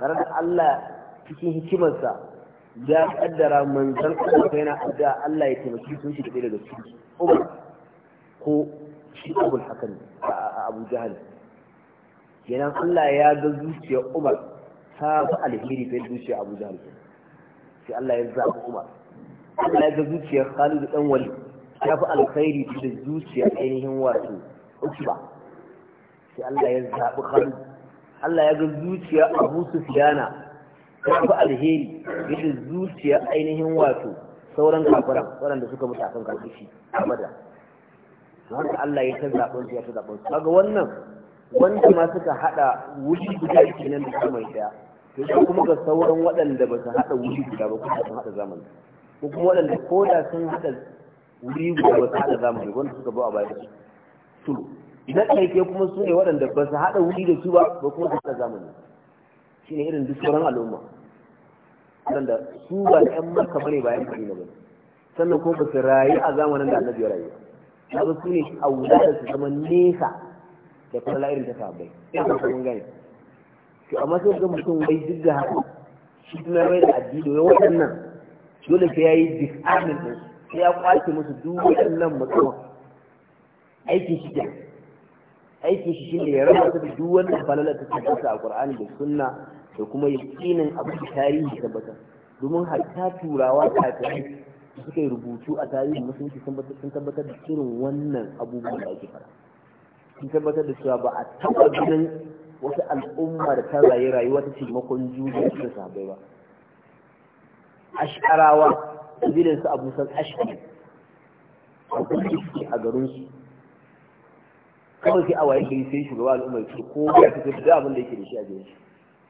tare da Allah cikin hikimarsa ya kaddara manzon Allah yana addu'a Allah ya taimaki su shi da daga cikin ko shi Abu Hakan Abu Jahal kenan Allah ya ga zuciyar Umar ta fi alheri fa zuciyar Abu Jahl sai Allah ya zaɓi Umar Allah ya ga zuciyar Khalid dan Wali ta fi alkhairi da zuciyar ainihin wato Utba sai Allah ya zaɓi Khalid Allah ya ga zuciyar Abu Sufyana ta fi alheri da zuciyar ainihin wato sauran kafiran waɗanda suka mutu akan karkashi a madar haka Allah ya ta zaɓen su ya ta zaɓen su kaga wannan wanda ma suka hada wuri guda kenan da zamani daya to shi kuma ga sauran waɗanda ba su hada wuri guda ba kuma sun hada zamani ko kuma waɗanda ko da sun hada wuri guda ba su hada zamani wanda suka ba a da su na ke kuma su ne waɗanda ba su hada wuri da su ba ba kuma su hada zamani shine irin duk sauran al'umma waɗanda su ba da ƴan maka bane ba ƴan madina ba sannan kuma ba su rayu a zamanin da annabi ya rayu ba su ne a wuri da su zama nesa da kuma la'irin ta bai. ina kuma gani to amma sai ga mutum wai duk da haka shi kuma mai da addini ya waɗannan dole sai yayi disarmament din sai ya kwace musu duk waɗannan mutum aikin shi kenan aikin shi shine ya raba ta duk wannan falala ta tabbata a Qur'ani da Sunna da kuma yakinin abin tarihi tabbata domin har ta turawa kafirai suka yi rubutu a tarihin musulunci sun tabbatar da irin wannan abubuwan da ake fara sun tabbatar da cewa ba a taɓa ganin wata al'umma da ta rayu rayuwa ta taimakon juna da sahabbai ba ashkarawa kabilan su abu san ashkari a kuma suke a garin su kawai sai a waye gari sai shugaba al'umma ya ce ko ya fito da abin da yake da shi a gidan shi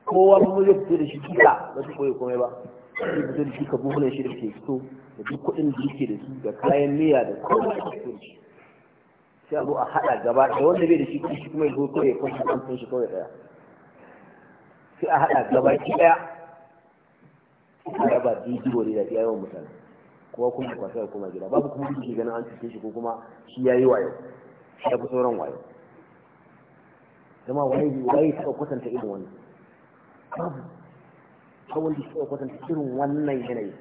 kowa kuma zai fito da shi duka ba su koyi komai ba zai fito da shi ka buhunan shi da ke fito da duk kuɗin da yake da su da kayan miya da kuma da fito da shi sai a zo a haɗa gaba da wanda bai da shi kuɗi shi kuma ya zo kawai ya kwanci kamfin shi kawai ɗaya sai a haɗa gaba ki ɗaya a raba bidiyo ne da ya yawan mutane kowa kuma ya kwasa ya koma gida babu kuma shi ganin an cikin shi ko kuma shi ya yi wayo shi ya fi sauran wayo zama waye waye taɓa kwatanta irin wannan babu kawai da taɓa kwatanta irin wannan yanayi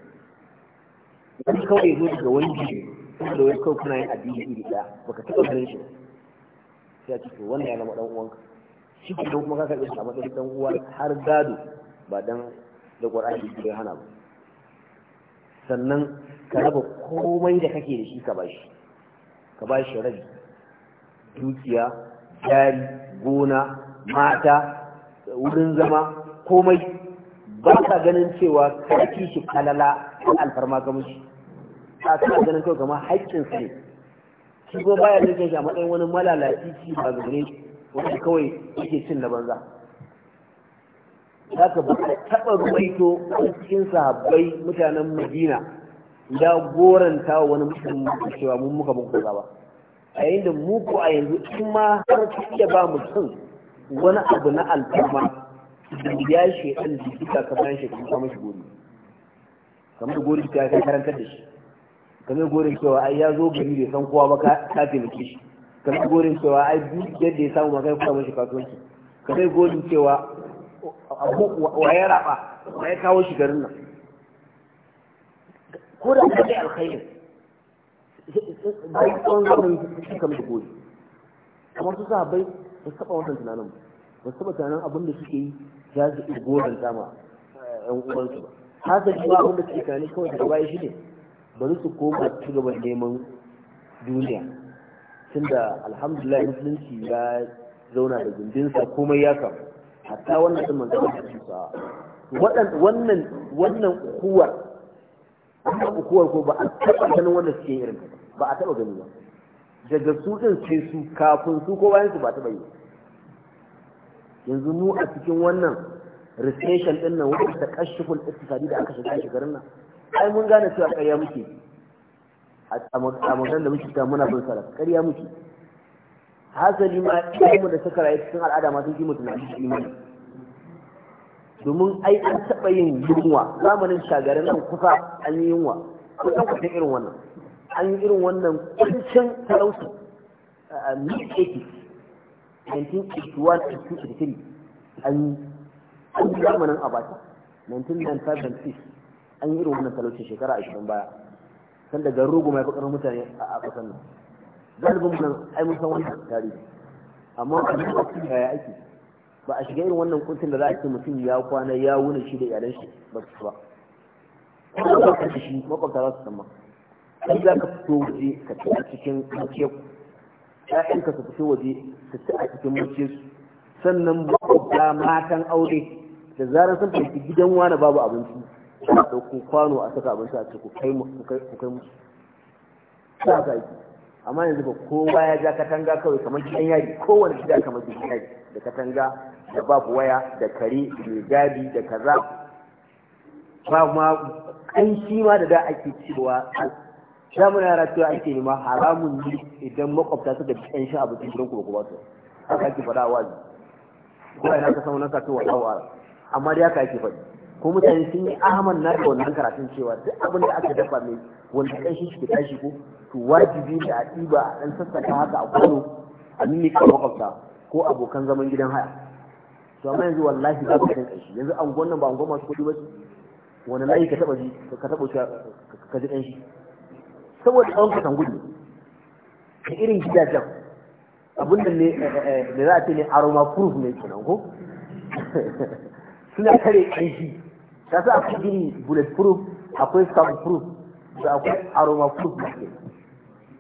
wani kawai ya zo daga wani jiri kuma da wai kawai kuna yin addini iri ɗaya baka taɓa ganin shi sai ce to wannan ya zama dan uwanka shi ko kuma ka karɓi a matsayin dan uwa har gado ba dan da Qur'ani ya hana ba sannan ka raba komai da kake da shi ka bashi ka bashi rabi dukiya jari gona mata wurin zama komai ba ka ganin cewa ka shi falala alfarma ga mushi a kana ganin kawai kamar haƙƙin sa ne shi ko baya nufin shi a matsayin wani malalaci ci ba gane wanda kawai yake cin na banza haka ba a taɓa ruwaito cikin sahabbai mutanen madina da goranta wa wani mutum cewa mun muka muku ba a yayin da mu ko a yanzu in ma har ka iya ba mutum wani abu na alfarma ya shi an jiki ka kasan shi kuma mashi gori kamar gori ta kai karantar da shi ka zai gorin cewa ai ya zo gari bai san kowa ba ka taimake shi ka zai gorin cewa ai duk yadda ya samu magana kuma mashi kasuwanci ka zai gorin cewa wa ya raba wa ya kawo shi garin nan ko da ka kai alkhairi bai tsawon zaman su ka mashi gori kamar su sahabbai ba su taɓa wannan tunanin ba su taɓa tunanin abin da suke yi za su da gorin sama 'yan eh, uwansu ba hasali ba abin da suke tunani kawai ba ya shi ne bari su koma ci gaba neman duniya da alhamdulillah musulunci ya zauna da gindinsa komai ya samu hatta wannan din manzo da su sa wannan wannan ukuwar wannan ukuwar ko ba a taba ganin wanda suke irin ba a taɓa gani ba daga su din sai su kafin su ko bayan su ba taɓa yi yanzu mu a cikin wannan recession din nan wanda ta kashifin iktisadi da aka shiga garin nan ai mun gane cewa ƙarya muke a magan da muke ta muna bin salaf ƙarya muke hasali ma mu da suka rayu cikin al'ada ma sun yi mutum na imani domin ai an taɓa yin yunwa zamanin shagarin nan kusa an yi yunwa kusan kusan irin wannan an yi irin wannan kuncin talauci a mid-80s 1981-1983 an yi zamanin abata 1995 an yi irin wannan talaucin shekara ashirin baya san da goma mai kwakwaron mutane a ƙasar nan galibin nan ai mun san wannan tarihi amma a duk lokacin da ya aiki ba a shiga irin wannan kuntun da za a ce mutum ya kwana ya wuna shi da iyalan shi ba su ba kuma ba ka shi makwabta za su san kai za ka fito waje ka ci a cikin Ya'yan ka su fito waje ka ci a cikin maciyar su sannan ba matan aure da zarar sun fahimci gidan wani babu abinci suna ɗauko kwano a saka abinci a ce ku kai musu ta ga yi amma yanzu ba kowa ya ja katanga kawai kamar gidan yari kowane gida kamar gidan yari da katanga da babu waya da kare da gadi da kaza ba ma ƙanshi ma da da ake cewa za mu yara cewa ake nema haramun ne idan makwabta su da ƙanshin abincin gidan ku ba ku ba su haka ake faɗa wa ko ina ka san wannan ka to wa amma dai haka ake faɗi ko mutane sun yi ahmad na da wannan karatun cewa duk abin da aka dafa mai wanda kan shi ke tashi ko to wajibi da a ɗiba a ɗan sassaka haka a kwano a ka makwabta ko abokan zaman gidan haya to amma yanzu wallahi za ka kan kashi yanzu an gwanna ba an gwannan masu kuɗi ba wani layi ka taba ji ka taɓa ka ji shi saboda tsawon ka san gudu ka irin gidajen abin da ne da eh, eh, eh, za a ce ne aroma proof ne kenan ko suna kare kanshi Ka sa akwai iri bulletproof akwai soundproof da akwai aromaproof da ke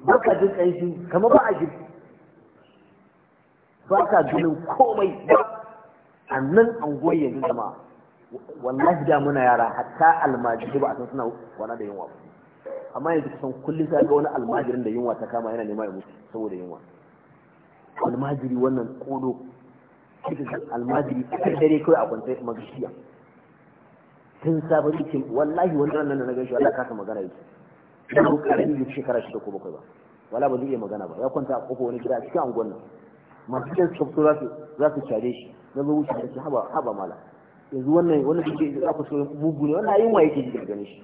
ba ka jin ƙanshi kamar ba a jin ba ka ganin komai ba a nan anguwar yanzu zama wallahi da muna yara hatta almajiri ba a san suna kwana da yunwa amma yanzu kusan kullum sai ga wani almajirin da yunwa ta kama yana nema ya mutu saboda yunwa almajiri wannan kodo almajiri a dare kawai a kwanta magashiya tun sabon yake wallahi wani ranar da na gaishe Allah kasa magana yake dan ko karami da shekara shida ko bakwai ba wala ba zai iya magana ba ya kwanta a kofar wani gida a cikin angon nan masu kyan tsofto za su za su care shi na zo wuce da shi haba haba mala yanzu wannan wannan dake za ku so mugu ne wannan wa yake ji ganin shi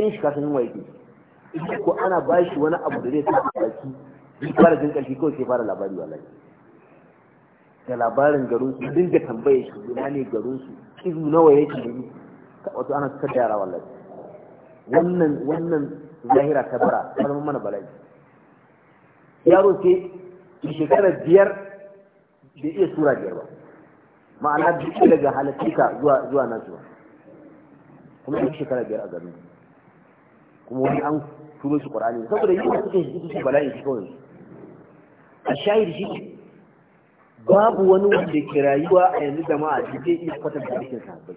in shi kasan wa yake ji ko ana bashi wani abu da zai sa a baki zai fara jin karfi kawai sai fara labari wallahi da labarin garin su dinga tambaye shi ina ne garin su kizu nawa yake da wato ana suka yara wallahi wannan wannan zahira ta bara ta zama mana bala'i yaro ce shekarar biyar bai iya sura biyar ba ma'ana duk daga halittika zuwa zuwa nasu kuma in shekara biyar a garin kuma wani an turo shi ƙwararri saboda yi wasu kai shi su bala'i shi kawai a shahid shi babu wani wanda ke rayuwa a yanzu jama'a da zai iya kwatanta aikin sahabbai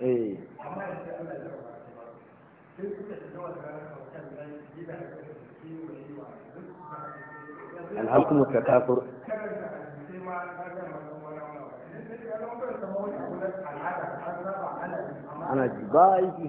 eh alhakumu takasur ana ji ba aiki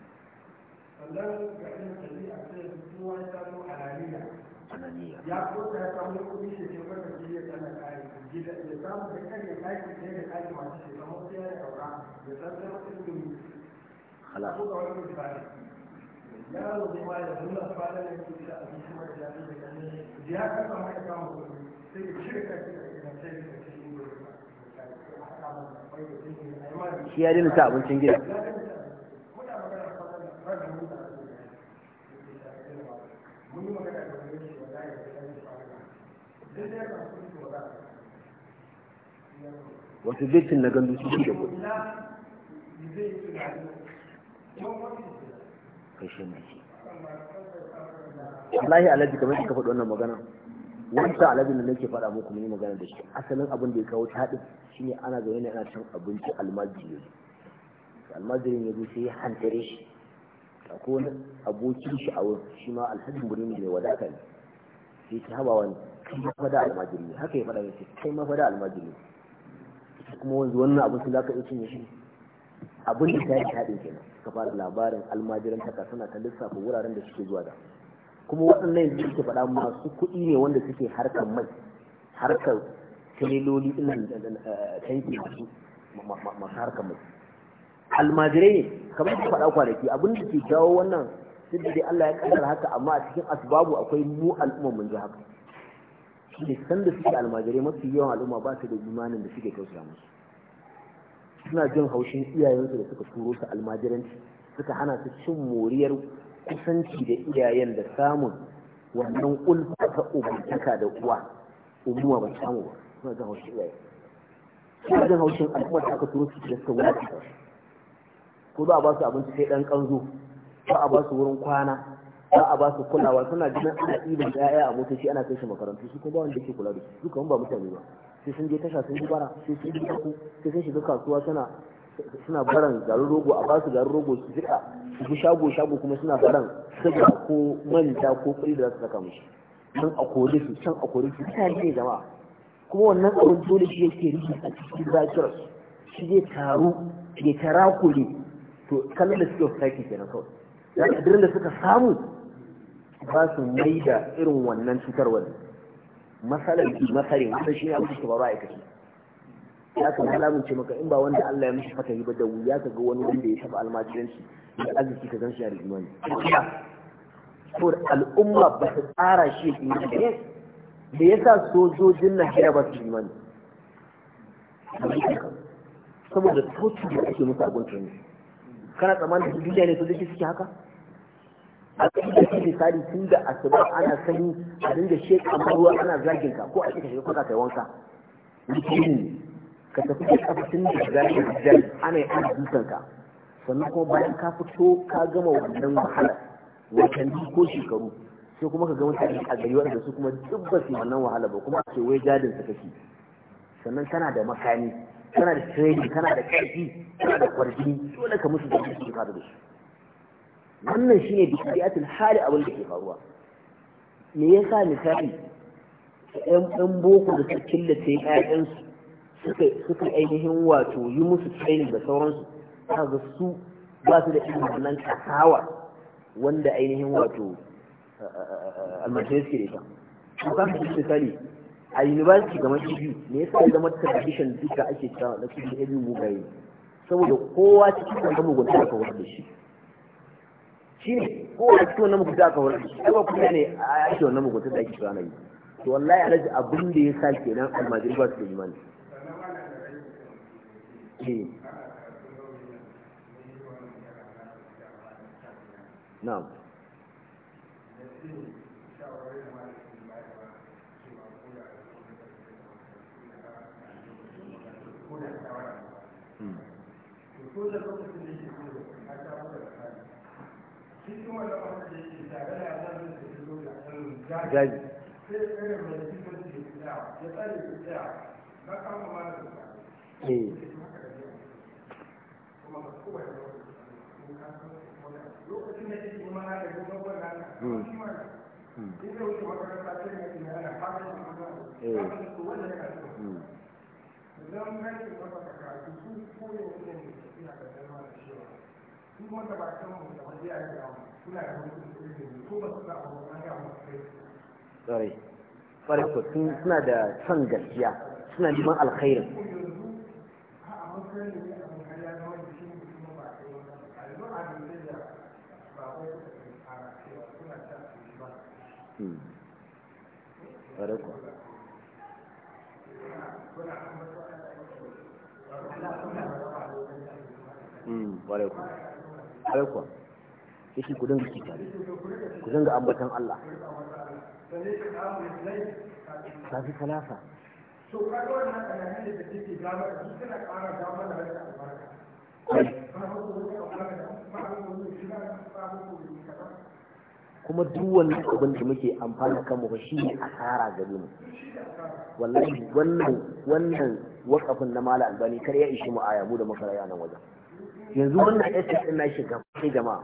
sannan ya samu alaniya samu da ke kwanta gida samu da da shi sai ya ala ko ga wani da da da da kan ya sai da sai da a yi abincin gida Wasu yi na gandu su shi da kudi kan shi ne na shi da gudu wallahi kamar shi ka faɗi wannan magana wancan alaji da nake faɗa muku mun yi magana da shi asalin abin da ya kawo taɗi shine ana zaune ne ana cin abinci almajiri almajirin ya zo sai ya hantare shi ko abokin shi a wurin shi ma alhaji murin mai wadata ne sai ta haba wani kai ma almajiri ne haka ya fada yake kai ma almajiri ne kuma wanzu wannan abin sun zaka ka iya cinye shi abin da ta yi haɗin nan ka fara labarin almajiran taka suna ta lissafa wuraren da suke zuwa da kuma waɗannan yanzu suke faɗa masu kuɗi ne wanda suke harkar mai harkar kaliloli ɗin eh, eh, eh, tanki masu harkar mai almajirai ne kamar da faɗa kwanaki abin da ke jawo wannan sun da Allah ya kaddara haka amma a cikin asbabu akwai mu al'umma mun ji haka shi ne san da suke almajirai mafi yawan al'umma ba su da imanin da suke kausa musu suna jin haushin iyayensu da suka turo su almajiranci suka hana su cin moriyar kusanci da iyayen da samun wannan ulfa ta ubantaka da uwa umuwa ba samu ba suna jin haushin iyayen suna jin haushin al'umma da aka turo su da suka wuce ko za a ba su abinci sai ɗan ƙanzo za a ba su wurin kwana za a ba su kulawa suna ganin ana ɗiban yaya a motoci ana kai shi makarantu su kuma wanda ke kula da su kuma ba mutane ba sai sun je tasha sun ji bara sai sun ji ku sai sun shiga kasuwa suna suna baran garin rogo a ba su garin rogo su jika su bi shago shago kuma suna baran suga ko manja ko kuɗi da za su saka mishi can a kore su can a kore su ta ne jama'a kuma wannan abin dole shi yake riƙe a cikin zakirar shi zai taru ya tarakule to kallon da suke society kenan kawai da kadirin da suka samu ba su mai da irin wannan cutarwar masalar masarin wanda shi ne abin da ba ba aikaci ya ka malamin ce maka in ba wanda Allah ya mishi fatahi ba da wuya ka ga wani wanda ya taba almajiranci da arziki ka gan shi a rigimani to al'umma ba su tsara shi ya ne da ya sa sojojin na kira ba su imani saboda tauci da ake musu abin tuni kana tsammanin su duniya ne sojoji suke haka a cikin da cikin tsari tun da asuba ana sani a dinga sheƙa ruwa ana zagin ka ko a cikin shiga kuka kai wanka mutum ka tafi da kafa tun da zagin hajjar ana yi ana dukan ka sannan kuma bayan ka fito ka gama wannan wahalar watanni ko shekaru sai kuma ka gama tafi-tafi a gari wanda su kuma dubba su wannan wahala ba kuma a ce wai jadin su kake sannan tana da makami kana da training kana da ƙarfi kana da kwarjini dole ka musu da su faru da shi wannan shine bidiyatul hali abin da ke faruwa me yasa misali ɗan boko da suka killace ƴaƴansu suka suka ainihin wato yi musu training da sauransu kaga su ba su da irin wannan kasawa wanda ainihin wato eh, eh, eh, almajirai suke da ita. Kuka misali a university kamar biyu ne ya ya zama tradition duka ake cewa na cikin ɗari mugaye saboda kowa cikin wannan mugunta aka wurin da shi shi ne kowa cikin wannan mugunta aka wurin da shi kuma kuma ne a ake wannan mugunta da ake cewa na yi to wallahi alhaji abin da ya sa kenan almajiri ba su da imani eh. na'am da lokacin da yake da kare shi kuma da da yake da ke sai mai cikin da ke tsaya ya tsare tsaya na kama ma da kare kuma ba kowa da lokacin da yake kuma na da kuma na inda wuce da suna karɓar mana cewa su wanda ba kan mu da wani yaya ga mu suna da wani kuskure ne ko ba su da abu an ga mu kai tsare tsare ko suna da son gaskiya suna neman alkhairin Tsare ko. kwarai ku kwarai ku ku dinga kitare ku dinga ambatan Allah kuma duk wannan abin da muke amfani kan mu shi ne a tsara gare mu wallahi wannan wannan wakafin na mala albani kar ya ishi mu aya mu da makaraya nan wajen yanzu wannan SS na shi ga sai jama'a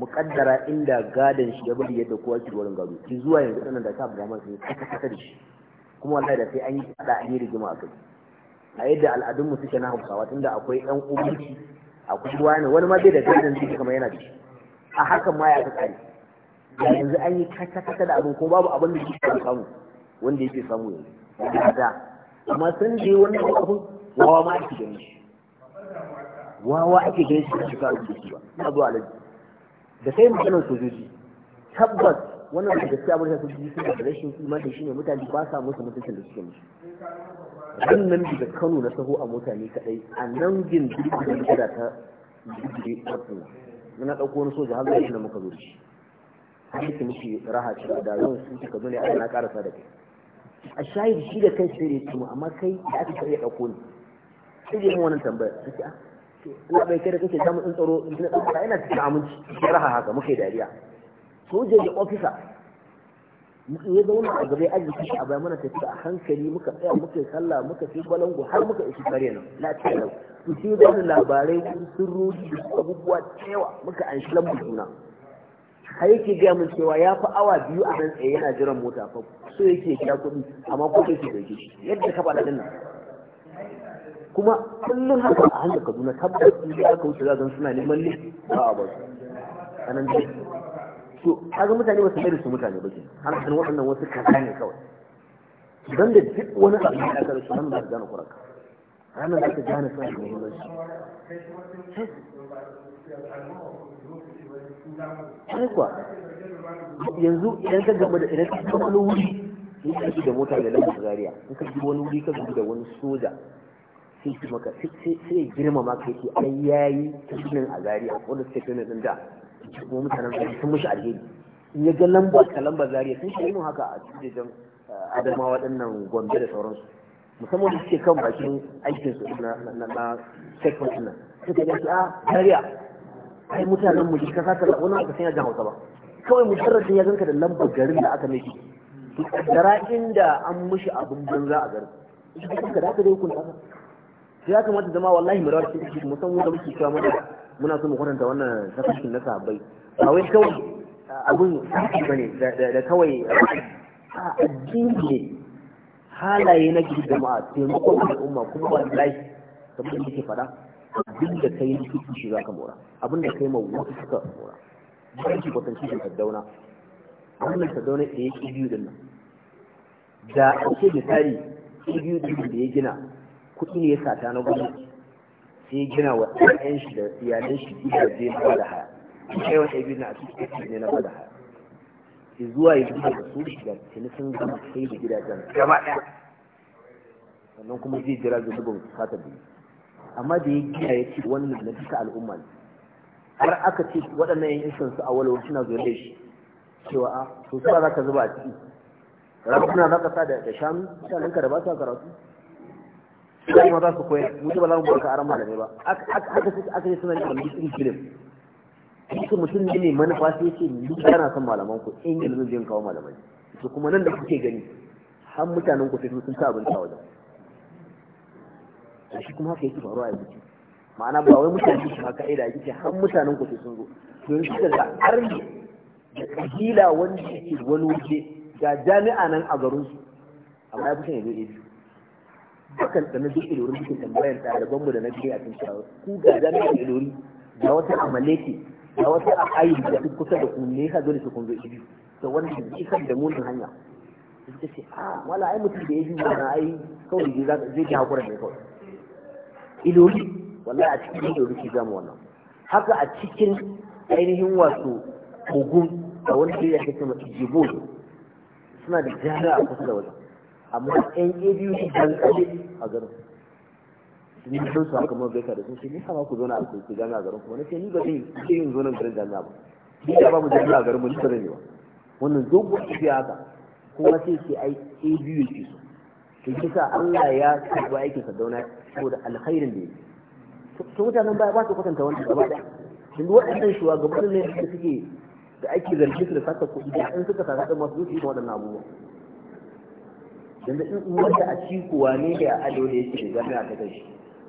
muƙaddara inda gadon shi ya bari yadda kowa ke wurin gado ki zuwa yanzu sanan da ta Abdurrahman sai kaka kaka da shi kuma wallahi da sai an yi fada an yi rigima kai a yadda al'adun mu suke na Hausawa tunda akwai ɗan ubanci akwai wani wani ma bai da gadon shi kamar yana da shi a hakan ma ya ta tsari yanzu an yi kaka kaka da abin ko babu abin da yake samu wanda yake samu yanzu da amma sun je wannan abin wawa ma ake ganin shi wawa ake gani shi shiga ka rubuci ba na zuwa alaji da sai maganar sojoji tabbas wannan da gaskiya ba su sojoji suna da rashin imani shine mutane ba sa musu mutuncin da suke musu wannan daga Kano na taho a mutane kadai a nan gin dukkan kada ta dukkan wasu muna dauko wani soja har zai da muka zo shi ki miki raha shi da yawan su ki zo ne ai na karasa da kai a shahidi shi da kai sai ya ce amma kai da aka kare dauko ne sai ya mu wannan tambaya sai ah, ina bai kai da kake jami'in tsaro ina na a yana cikin aminci sai raha haka muke dariya Soja da ofisa muka ya zauna a gaba aji kishi a bai mana tafiya a hankali muka tsaya muka sallah muka fi balango har muka isi kare nan lafiya lau su sai da labarai sun rudi da abubuwa cewa muka an shi lambu juna har yake gaya min cewa ya fi awa biyu a nan tsaye yana jiran mota fa so yake kira kuɗi amma ko yake dauke shi yadda ka faɗa nan kuma kullum haka a hanyar kaduna tabbas in da aka wuce zagan suna neman ne ba a bar a nan dai to kaga mutane ba su mai su mutane ba ke ana san waɗannan wasu kaka ne kawai don da duk wani abu ya aka rasu nan ba su gane kuraka ranar da aka gane suna da muhimmanci sai kuwa yanzu idan ka gama da idan ka gama wani wuri in ka da mota da lambar zaria in ka ji wani wuri ka gama da wani soja sai ki maka sai girma ma kai ce ai yayi azari a zariya wanda suke tunin din da kuma mutanen zariya sun mushi alheri in ya ga lamba ka lamba zariya sun shi mun haka a cikin eh, adama waɗannan gombe da sauransu musamman da suke kan bakin aikin su na na segment nan suka ga a ah, ah, zariya ai mutanen mu ka saka wani aka sanya da Hausa ba kawai mujarradin ya ganka da lambar garin da aka miki ra'in inda an mushi abin banza a garin shi kuma da aka dai hukunta sai ya kamata zama wallahi mu rawar cikin musamman da muke cewa mana muna so mu kwatanta wannan tafsirin na sabai ba wai kawai abun ba bane da kawai a addini halaye na gidi da ma'a jama'a da al'umma kuma wallahi kamar da muke faɗa abin da kai likiti shi za ka mora abin da kai mawa suka mora ba ki kwatanci da kaddauna wannan kaddauna da ya ƙi biyu din nan da ake misali ƙi biyu da ya gina kuɗi ne ya sata na nagu sai gina wa ɗayan shi da iyalan shi da zai na bada haya kai wata biyu na a cikin ne na bada haya zuwa ya zuwa da su da tuni sun gama sai da gidajen gaba ɗaya sannan kuma zai jira zunubin fatar da amma da ya gina ya ce wannan na duka al'umma ne har aka ce waɗannan yan isan su a walwal suna zuwa da shi cewa a ah, to za ka zuba a ciki rakuna za ka sa da shanu shanunka da ba a karatu sai ma za su koya, mutu ba za mu baka aran malamai ba haka sai aka yi suna yi wani cikin filim cikin mutum ne ne manufa sai ce duk yana son malaman ku in yanzu zai kawo malamai to kuma nan da kuke gani har mutanen ku sai sun ta abin a wajen shi kuma haka yake faruwa yanzu ma'ana ba wai mutane su haka da yake har mutanen ku sai sun zo don shi da arni da kabila wanda yake wani wuce ga jami'a nan a garinsu amma ya fi shan ya zo hakan da na duk ilori suke tambayan da mu da na je a cikin shawo ku ga jami'ar ilori da wata amaleke da wata a ayi da duk kusa da ku ne zo da su kun zo ibi to wannan da isan da munin hanya suka ce a ah, wala ai mutum da ya ji na ai kawai zai ji hakura ne kawai ilori wallahi a cikin ilori ke zama wannan haka a cikin ainihin wasu kogun da wani da ya kace mace jibo suna da jara a kusa da wajen amma ɗan biyu su dan a garin ne sun su kamar mun gaisa da sun ce ni sama ku zauna a kai a garin kuma ce ni ba zai ce yin zo garin jami'a ba ni da mu jami'a garin mu ni ba zan yi ba wannan dogon tafiya haka kuma sai ce ai a biyu yake so ke kisa Allah ya karba aikin sa dauna saboda alkhairin da ya ke. to mutanen baya ba su kwatanta wannan gaba da ɗan waɗannan shugabannin ne da suke da ake zargi su da saka kuɗi da an suka sa da masu zuciya da waɗannan abubuwa yanzu in wanda a ciku wane ne a ado ne yake da gani a kai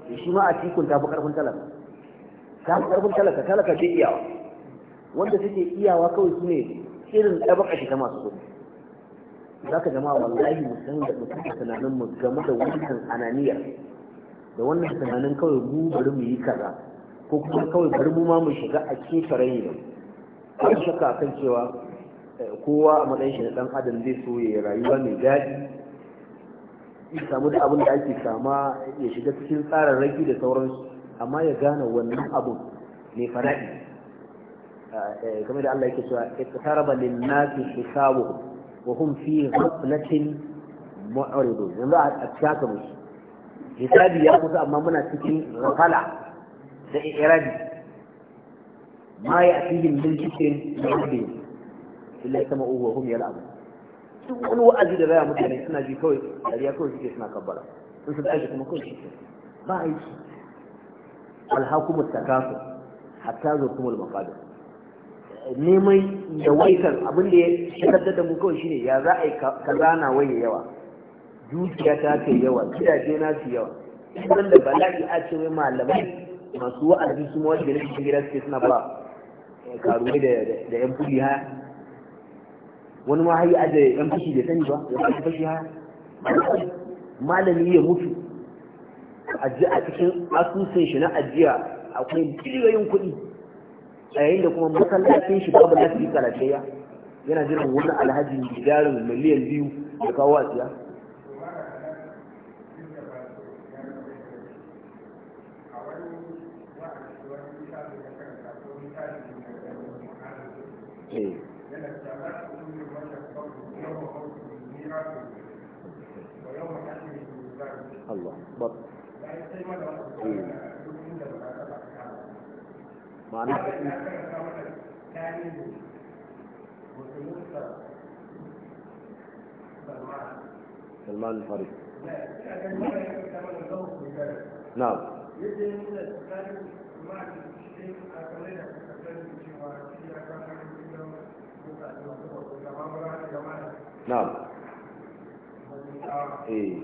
shi shi ma a cikin ta fi karfin talaka ta fi karfin talaka talaka bai iyawa wanda suke iyawa kawai su ne irin ɗabaka shi ta masu kuɗi za ka jama'a wallahi mu san da mutum da tunanin mu game da wannan ananiya da wannan tunanin kawai mu bari mu yi kaza ko kuma kawai bari mu ma mu shiga a keta rai da ba shakka kan cewa eh, kowa a matsayin shi na ɗan adam zai so ya rayuwa mai daɗi ya samu da abin da ake sama ya shiga cikin tsarin tsararraki da sauransu amma ya gane wannan abun ne fara'i eh, kamar da Allah yake cewa iqtaraba lin-nasi hisabuhum wa hum fi ghaflatin mu'ridun yanzu a tsaka musu hisabi ya kusa amma muna cikin ghafala da iradi ma ya ya'tihim min dhikrin min rabbihim illa sama'u wa hum yal'abun duk wani wa'azi da zaya mutane suna ji kawai dariya kawai suke suna kabbara sun su aiki kuma kawai suke ba aiki alhakumu takasu hatta zo kuma mafada neman da waikan abin da ya shakar da mu kawai shine ya za a yi kaza na waye yawa dukiya ta ce yawa gidaje na su yawa sannan da bala'i a ce wai malamai masu wa'azi su ma wanda ne cikin suke suna ba eh, karuwai da yan fuli haya wani ma hayi aje yan fashi bai sani ba ya fashi fashi ha malami ya mutu aje a cikin asusun shi na ajiya akwai biliyoyin kuɗi a yayin da kuma masallacin shi babu lafiya yana jiran wani alhaji jarin miliyan biyu da kawo a ma'ana سلمان الفارسي نعم نعم ايه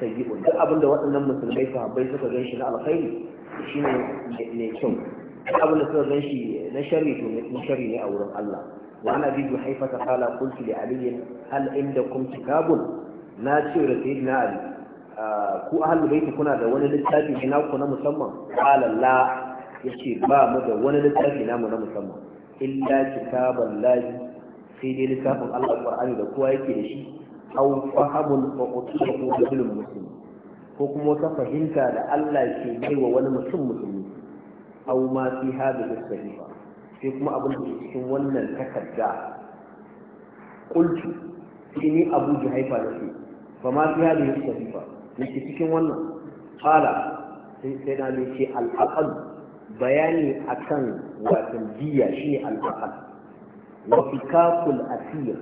sayyi'un duk abin da waɗannan musulmai sahabbai suka gan shi na alkhairi shine mai kyau duk abin da suka gan shi na sharri to na ne a wurin Allah wa ana bi haifa ta kala qultu li ali hal indakum kitabun na ce da sayyidina ali ah, ku ahlul baiti kuna da wani littafi ne ku na musamman qala la yace ba mu da wani littafi mu na musamman illa kitaballahi sai dai littafin Allah Qur'ani da kowa yake da shi au fahamun ma'utu da ko rajulun musulmi ko kuma wata fahimta da Allah ke wa wani mutum musulmi au ma fi hadhihi sahifa sai kuma abin da cikin wannan takarda qultu ni abu haifa da shi ba ma fi hadhihi sahifa nake cikin wannan qala sai sai na ne ce al bayani akan watan jiya shine al-aqal wa fikakul asir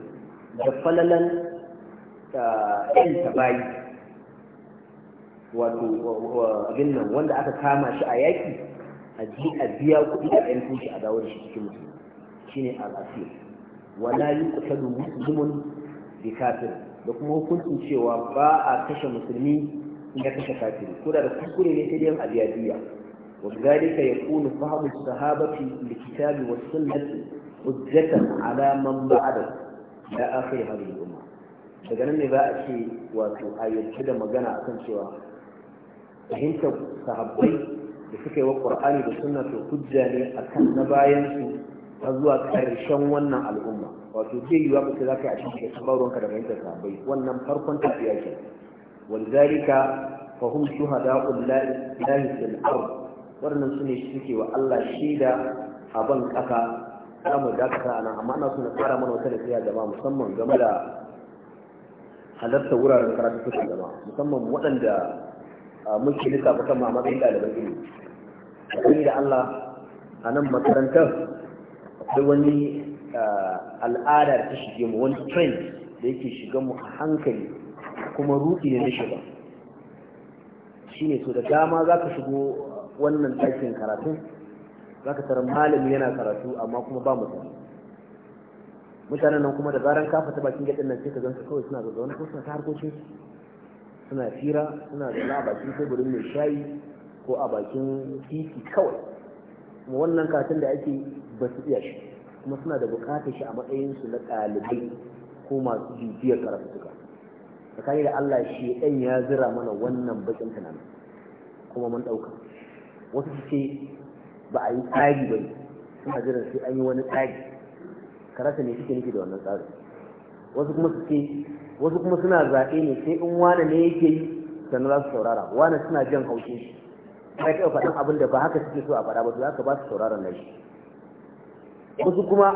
da falalan ƴanta bayi wato abin nan wanda aka kama shi a yaƙi a biya kuɗi a ƴan shi a dawo da shi cikin mutum ne al'asir wala yuqtalu muslimun bi kafir da kuma hukuncin cewa ba a kashe musulmi in ya kashe kafiri ko da kuskure ne sai dai a biya biya وبذلك يكون فهم الصحابة للكتاب والسنة حجة alaman من بعده إلى آخر هذه daga nan ne za a ce wato a yarda da magana akan cewa fahimtar sahabbai da suka yi wa qur'ani da suna to hujja ne kan na bayan su har zuwa ƙarshen wannan al'umma wato zai yiwa ba sai za ka yi a cikin kasabarwanka da fahimtar sahabbai wannan farkon tafiya ke walzalika fahim shuhada'ul lahi fil ard wannan sune suke wa Allah shaida a ban kasa za mu dakata nan amma ana so na fara mana wata da jama'a musamman game da halarta wuraren karatu su zama musamman waɗanda muke ba kan ma matsayin ɗaliban ilimi a kan da Allah a nan makarantar da wani al'adar ta shige mu wani trend da yake shiga mu a hankali kuma ruɗi ne na shiga shine so da dama za ka shigo wannan ɗakin karatun za ka tara malami yana karatu amma kuma ba mutane mutanen nan kuma da zaran ka fita bakin gaɗin nan sai ka gansu kawai suna zazzauna ko suna ta harkokin suna fira suna zama a bakin teburin mai shayi ko a bakin titi kawai kuma wannan katin da ake ba su iya shi kuma suna da bukatar shi a su na ɗalibai ko masu jijiyar karatuka tsakani da Allah shi ɗan ya zira mana wannan bakin tunani kuma mun ɗauka wasu su ce ba a yi tsari ba ne suna jiran sai an yi wani tsari Karata ne suke nufi da wannan tsarin wasu kuma su ce wasu kuma suna zaɓe ne sai in wane ne yake yi sannan za su saurara wane suna jan haushin shi ba ya taɓa faɗin abin da ba haka suke so a faɗa ba za ka ba su sauraron nan wasu kuma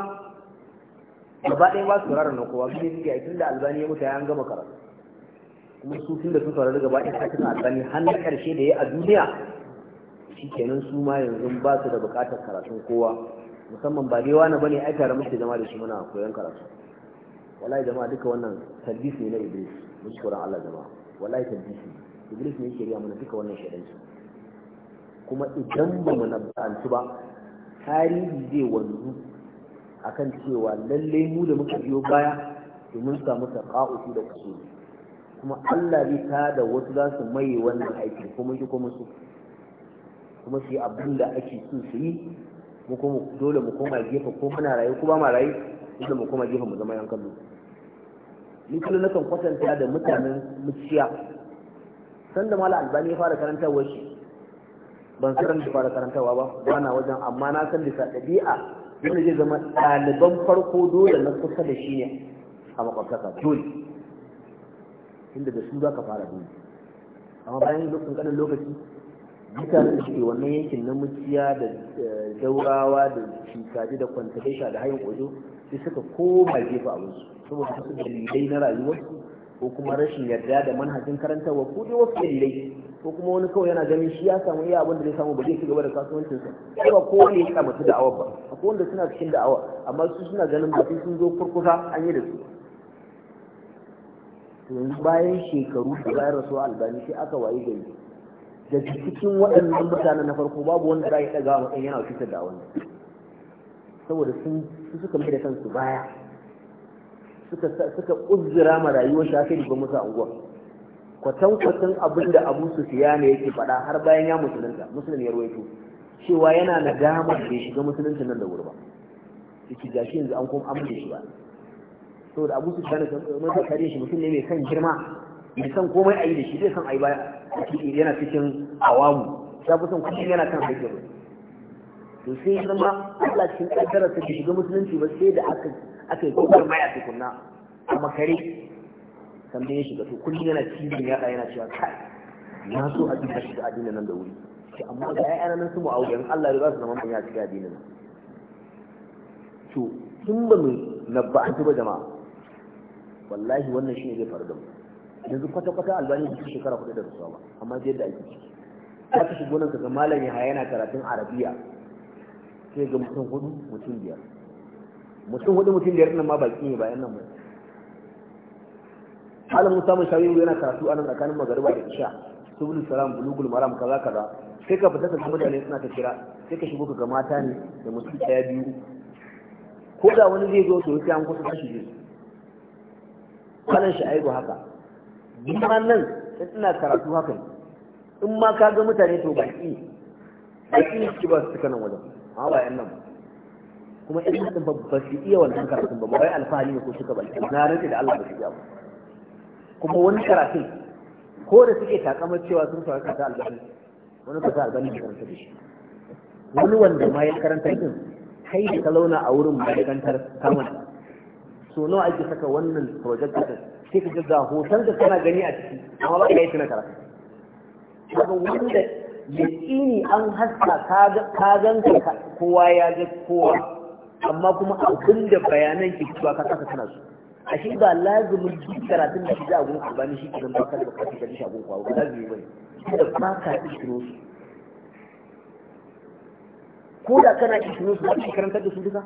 gaba ɗaya ba su sauraron nan kowa su ne suke aikin da albani ya mutu ya gama karatu kuma su tun da sun saurari gaba ɗaya a cikin albani har na ƙarshe da ya a duniya shi kenan su ma yanzu ba su da buƙatar karatun kowa musamman ba dai wani bane ai tare muke zama da shi muna koyon karatu wallahi jama'a duka wannan talbis ne na iblis mun Allah jama'a wallahi talbis ne iblis ne yake riya mana duka wannan shedanci kuma idan ba mu nabba'antu ba tarihi zai wanzu akan cewa lalle mu da muka biyo baya domin samu taqa'uti da kusuri kuma Allah zai tada wasu za su maye wannan aiki kuma shi kuma su kuma su yi abin da ake so su yi mu kuma dole mu koma gefe ko muna rayu ko ba ma rayu dole mu koma gefe mu zama yan kallo ni kullum nakan kwatanta da mutanen muciya San da mala albani ya fara karantarwa shi ban san da fara karantarwa ba ba na wajen amma na san da ɗabi'a yana zai zama ɗaliban farko dole na kusa da shi ne a makwabtaka dole inda da su za ka fara dole amma bayan lokacin kanin lokaci mutanen da suke wannan yankin na muciya da eh, daurawa da shinkaji da kwantaresha da hayan kwazo sai suka koma gefe abinsu saboda wasu dalilai na rayuwa ko kuma rashin yarda da manhajin karantarwa ko dai wasu dalilai ko kuma wani kawai yana ganin shi ya samu iya abin da zai samu ba zai ci gaba da kasuwancin sa sai ba kowane ya kamata da'awa ba akwai wanda suna cikin da'awa amma su suna ganin ba sun zo kurkusa an yi da su yanzu bayan shekaru da bayan rasuwa albani sai aka wayi gari da cikin waɗannan mutanen na farko babu wanda za yi ɗaga a matsayin yana fitar da wannan saboda sun suka mai da kansu baya suka suka ma rayuwar shafi da gwamnati a unguwar kwatan kwatan abin da Abu ne yake faɗa har bayan ya musulunta musulun ya ruwaito cewa yana nadama da ya shiga musulunta nan da wuri ba yake gashi yanzu an kuma amince shi ba saboda Abu Sufyan sun kare shi mutum ne mai kan girma bai san komai a yi da shi zai san a yi baya yana cikin awamu ya fi son kuma yana kan haƙƙin to sai yi zama Allah cikin ƙaddarar ta shiga musulunci ba sai da aka aka yi kokar mai a tukunna a makare sannan ya shiga to kullum yana ya ɗaya yana cewa kai na so a duka shiga adinin nan da wuri to amma ga yana nan su mu'awiyan Allah ya ba su zama a cikin adinin. nan to tun ba mu nabba'antu ba jama'a wallahi wannan shi ne zai faru da mu yanzu kwata-kwata albani da cikin shekara kuɗi da rasuwa ba amma sai da ake ciki za ka shigo nan ka ga malam ya yana karatun arabiya sai ga mutum hudu mutum biyar mutum hudu mutum biyar nan ma baki ne bayan nan mai malam musa mai yana karatu a nan tsakanin magariba da isha subul salam bulugul maram kaza kaza sai ka fita ka ga mutane suna ta kira sai ka shigo ka ga mata ne da mutum ɗaya biyu ko da wani zai zo to sai an kusa shi biyu kalan shi aibu haka ma nan in ina karatu haka ne in ma ka ga mutane to baki baki ki ba su nan wajen Ma ba yan nan kuma yan nan ba su iya wannan karatun ba ba wai alfahari ne ko suka baki na rage da Allah ba su iya ba kuma wani karatun ko da suke takamar cewa sun fara kasa albani wani kasa albani da karanta da shi wani wanda ma ya karanta din kai da ka launa a wurin ma'aikantar kamar so nawa ake saka wannan projectors sai ka jirga hoton da kana gani a ciki amma ba ka yi tuna karatu daga wanda yaƙini an haska ka ganka kowa ya ga kowa amma kuma abin da bayanan ke cewa ka saka kana su a shi ba lazumin duk karatun da shi za a ku albani shi ke zan ba ka da bukatu ka shi a gun kwawo ba lazumi ba ne da ba ka ishiro su ko da kana ishiro su ba ka karanta da su duka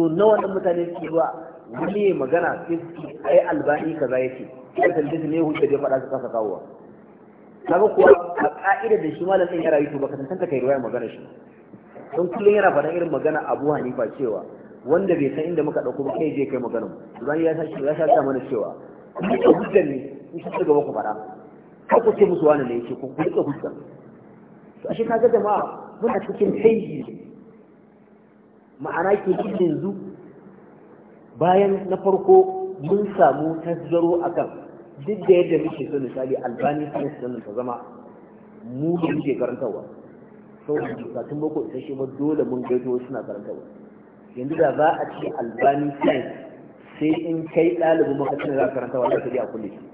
so nawa ɗan mutane ke zuwa wani magana sai su yi albani kaza ce sai kalli su ne hujja da faɗa su kasa kawowa ga kuwa a ƙa'ida da shi malam ɗin ya rayu to baka tantanta kai ruwaya magana shi don kullum yana faɗa irin magana Abu Hanifa cewa wanda bai san inda muka ɗauko ba kai je kai magana mu zan ya sashi ya sashi mana cewa ku ka hujjar ne in ta gaba ku faɗa kar ku ce musu wani ne ya ce ku rika hujjar to ashe ga jama'a muna cikin tayi ma'ana ke yanzu bayan na farko mun samu tasgaro akan duk da yadda muke so misali albani sun sanin ta zama mu da muke karantarwa sau da bukatun boko isa shi ma dole mun gaito suna karantarwa yanzu da za a ce albani sun sai in kai ɗalibin makasin za a karantarwa za ta a kulle shi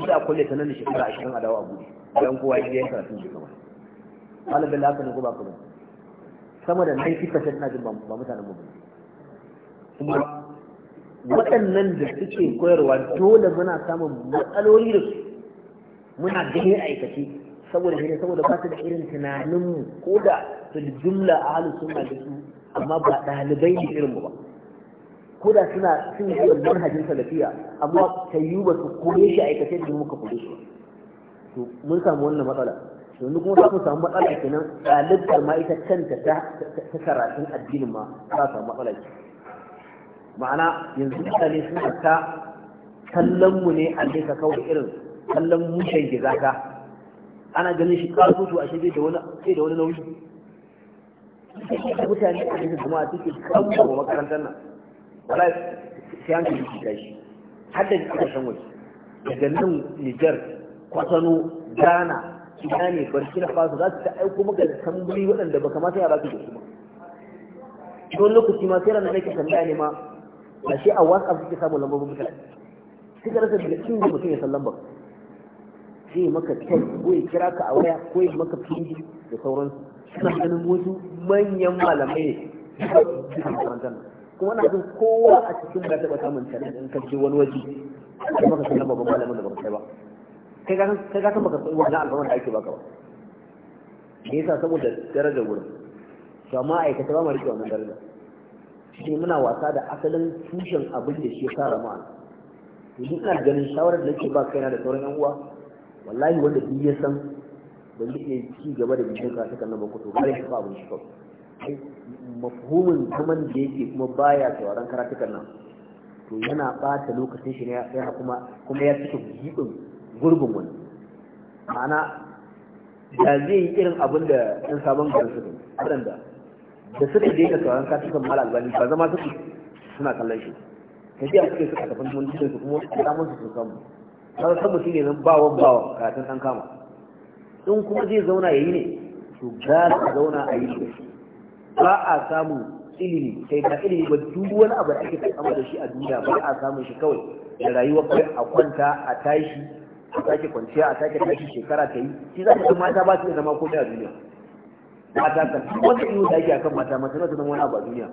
su da kulle ta nan da shekara ashirin a dawo a buɗe bayan kowa ya yi karatun jikama kamar ɗalibin lafiya ne ko ba kuma sama da 90% na jin ba mutanen mu kuma waɗannan da suke koyarwa dole muna samun matsaloli da su muna gani aikace saboda ne saboda ba su da irin tunaninmu ko da su jumla a halin suna da su amma ba ɗalibai ne irin mu ba ko da suna sun yi manhajin salafiya amma ta yi ba su koye shi aikace da muka koye su to mun samu wannan matsala to ni kuma za ku samu matsala kenan ɗalibtar ma ita kanta ta karatun addinin ma za samu matsala ke ma'ana yanzu mutane suna ta kallon mu ne a ka kawai irin kallon mushen gizaka ana ganin shi kasutu a shirye da wani nauyi mutane a cikin jama'a suke kamba wa makarantar nan wala sai an kaji shiga shi har da kasashen waje daga nan Nijar, Kwatano, Ghana, ina ne burkina faso za su ta aiko maka da tambayi waɗanda ba kamata ya ba su da su ba wani lokaci ma sai ranar nake tambaya ne ma a shi a whatsapp suke samun lambobin mutane Su ka rasa daga inda mutum ya san lambar sai maka text ko ya kira ka a waya ko ya maka pinji da sauransu suna ganin wasu manyan malamai ne kuma na jin kowa a cikin ba taɓa samun tare in ka wani waje da maka san lambar babban malamin da ba kai ba kai ka kai ka san baka san wannan alfaman da ake baka ba me yasa saboda darajar wurin to amma aikata ba mu rike wannan darajar shi muna wasa da asalin tushen abin da shi ya fara mu to duk ina ganin shawarar da nake ba kaina da sauran yan uwa wallahi wanda duk ya san ban zai iya ci gaba da bincin kasukan nan ba ku to har ya fa abin shi kawai mafhumin zaman da yake kuma baya sauran karatukan nan to yana ɓata lokacin shi ne kuma kuma ya cike gibin gurbin wani ma'ana da zai yi irin abin da ɗan sabon gari suka yi waɗanda da suka je ka sauran katukan mara albani ba zama suka suna kallon shi tafiya suke suka mun mutum su kuma ya damar su sun samu kawai san mutum ne nan bawon bawon karatun ɗan kama in kuma zai zauna ya yi ne to gara a zauna a yi da shi ba a samu ilimi kai ba ilimi ba duk wani abu da ake kama da shi a duniya ba a samun shi kawai da rayuwar kai a kwanta a tashi a sake kwanciya a sake tashi shekara ta yi shi za ka mata ba su iya zama ko da duniya mata kan duk wanda iyo da ake akan mata mata na zama wani abu a duniya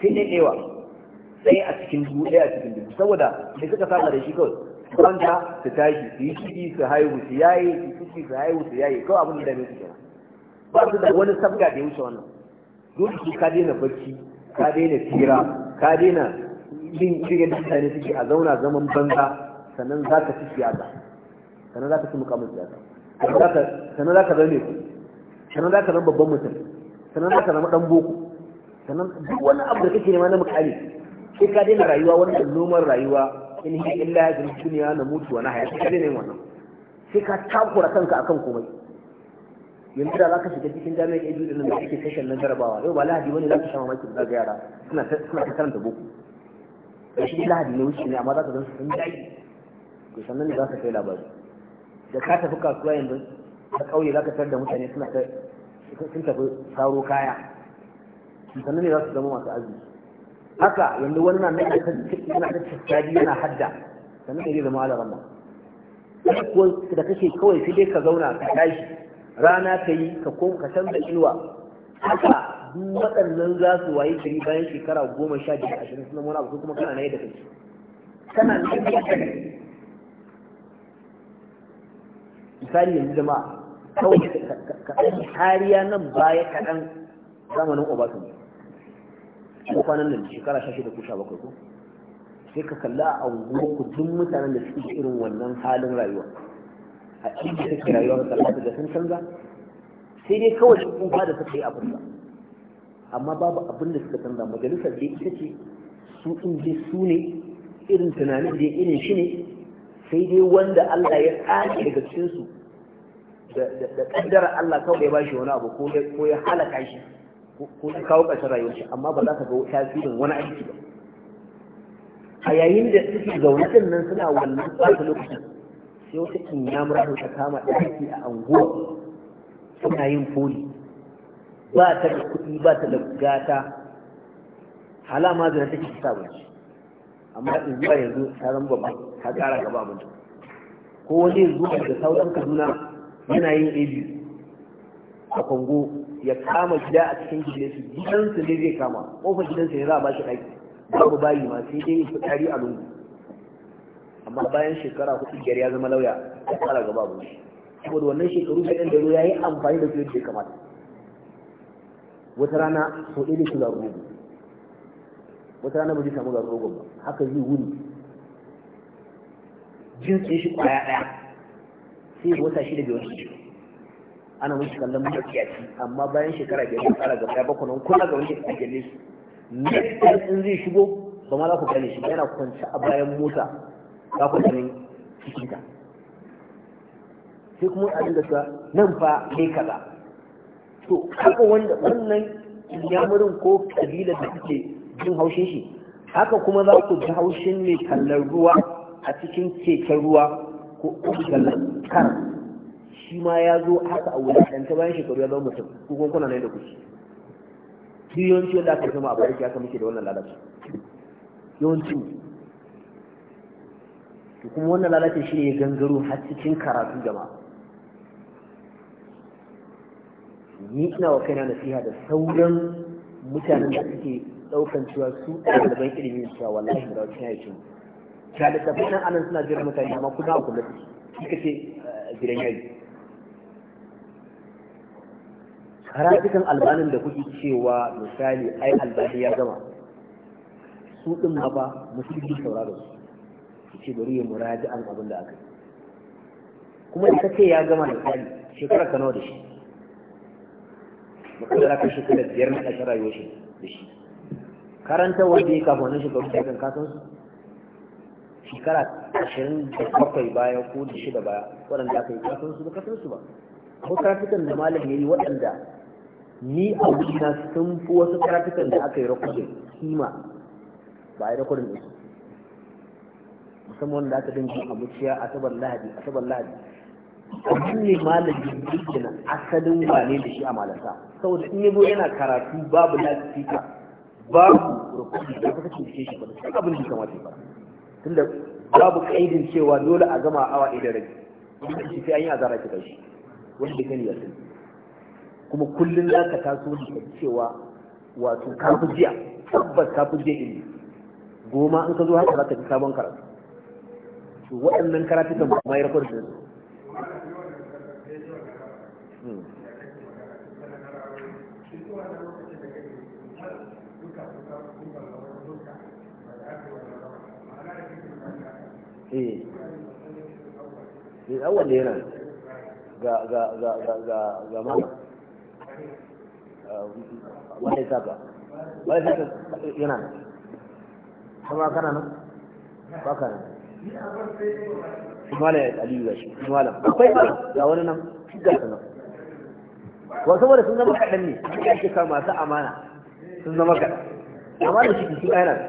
sai ne ɗewa sai a cikin dubu ɗaya a cikin dubu saboda da suka saba da shi kawai kwanta su tashi su yi ciki su haihu su yaye su ciki su haihu su yaye kawai abin da dame su kenan ba su da wani sabga da ya wuce wannan dole su ka daina bacci ka daina tsira ka daina yin kirgin mutane suke a zauna zaman banza sannan za ka ci siyasa sannan za ka ci mukamin siyasa sannan za ka zama ku sannan za ka zama babban mutum sannan za ka zama dan boko sannan duk wani abu da kake nema na mukali sai ka daina rayuwa wani noman rayuwa in hi illa ya duniya na mutuwa na haya ka daina yin wannan sai ka takura kanka akan komai yanzu da za ka shiga cikin jami'ar ido da nan da ake sashen na jarabawa yau ba lahadi wani za ka sha mamaki da ga yara suna ta karanta boko da shi lahadi ne wuce ne amma za ka zan su sun jayi to sannan ne za ka kai labari da ka tafi kasuwa yanzu a ƙauye za ka tar da mutane sun tafi saro kaya sannan ne za su zama masu azumi haka yanzu wani na nan yana da tattali yana hadda sannan ne zai zama alaran nan da kake kawai sai dai ka zauna ka tashi rana ka yi ka koma ka canza inuwa haka duk waɗannan za su waye gari bayan shekara goma sha biyar ashirin suna wani abu kuma kana na yadda kake kana na yadda kake misali yanzu jama'a kawai kaɗan kariya nan baya kaɗan zamanin obasanjo ko kwanan nan shekara sha shida ko sha bakwai ko sai ka kalla a unguwarku duk mutanen da suke irin wannan halin rayuwa a inda take rayuwa ka kalla da sun canza sai dai kawai sun da suka yi abin amma babu abin da suka canza majalisar dai ita ce su in dai su ne irin tunanin da irin shi ne sai dai wanda Allah ya tsani daga cikin su da kaddara Allah kawai ya bashi wani abu ko ya halaka shi ko ya kawo ƙasar rayuwar shi amma ba za ka ga tasirin wani aiki ba a yayin da suke zaune din nan suna wannan tsaka lokacin sai wata murahu ta kama ɗaki a anguwa suna yin foli ba ta da kuɗi ba ta da gata halama zai take ta sabanci amma in zuwa yanzu ta zama ba. ka ƙara gaba ta ko wani zuwa da sauran kaduna yana yin A.B a kongo ya kama gida a cikin gidan su gidan su ne zai kama kofar gidan su ne za a bashi ɗaki babu bayi ma sai dai su tari a lungu amma bayan shekara kuɗi biyar ya zama lauya ya ƙara gaba shi saboda wannan shekaru da ɗan da ya yi amfani da su yadda ya kamata wata rana sau ɗaya da su garurugu wata rana ba zai samu garurugun ba haka zai wuni jinsin shi kwaya ɗaya sai wata shi da biyu shi ana mushi kallon ci amma bayan shekara biyar ya fara gaba ya bakwanon kuna ga wani a gelle shi nekkal in zai shigo ba ma za ku gane shi yana kwanci a bayan mota za ku ganin cikinta sai kuma abin da nan fa ne kaza to haka wanda wannan yamurin ko kabilar da suke jin haushin shi haka kuma za ku ji haushin mai kallon ruwa a cikin keken ruwa ko ƙungallan kar shi ma ya zo haka a ta bayan shekaru ya zama mutum ko kuma kuna nan da kushi duk yawanci wanda aka zama a bayan ya aka ke da wannan lalace yawanci to kuma wannan lalace shi ne ya gangaro har cikin karatu jama'a ni ina wa kaina nasiha da sauran mutanen da suke ɗaukan cewa su ban ilimin cewa wallahi da wacce ya ce mu ga littafai nan anan suna jiran mutane amma kuna ku da shi ce eh, gidan yari karatukan albanin da kuke cewa misali ai albani ya gama su din ma ba musulmi sauraro su ce bari ya muraji an abin da aka kuma da kace ya gama da misali shekara ka nawa da shi makadara ka shekara biyar na ƙasar rayuwar shi da shi karanta wanda ya kafa wannan shekaru da kan kasan su shekara ashirin da bakwai baya ko da shida baya waɗanda aka yi kasan su ba su ba ko karatukan da malam ya yi waɗanda ni a wurina sun fi wasu karatukan da aka yi rakodin kima ba a yi rakodin ɗinsu musamman da aka dinga a muciya asabar lahadi asabar lahadi abin ne malam jirgi na asalin wane da shi a malasa saboda in zo yana karatu babu lafiya babu rakodin da aka kace shi ba da abin da kamata ya fara tunda babu kaidin cewa dole a gama awa ɗaya da rabi wanda shi sai an yi a zara kika shi wanda kani ya sani kuma kullum za ka taso da cewa wato ka fi jiya tabbas ka fi jiya ilimi goma in ka zo haka za ka fi sabon karatu to waɗannan kan ba ma yi da su eh eh awwal yana ga ga ah, wani saka wani saka eh, yana nan kuma kana nan ba kana nan malam ya aliyu ga shi malam akwai malam ga wani nan shi ga nan wa saboda sun zama kaɗan ne duk ake kama masu amana sun zama kaɗan amma da shi su ainihin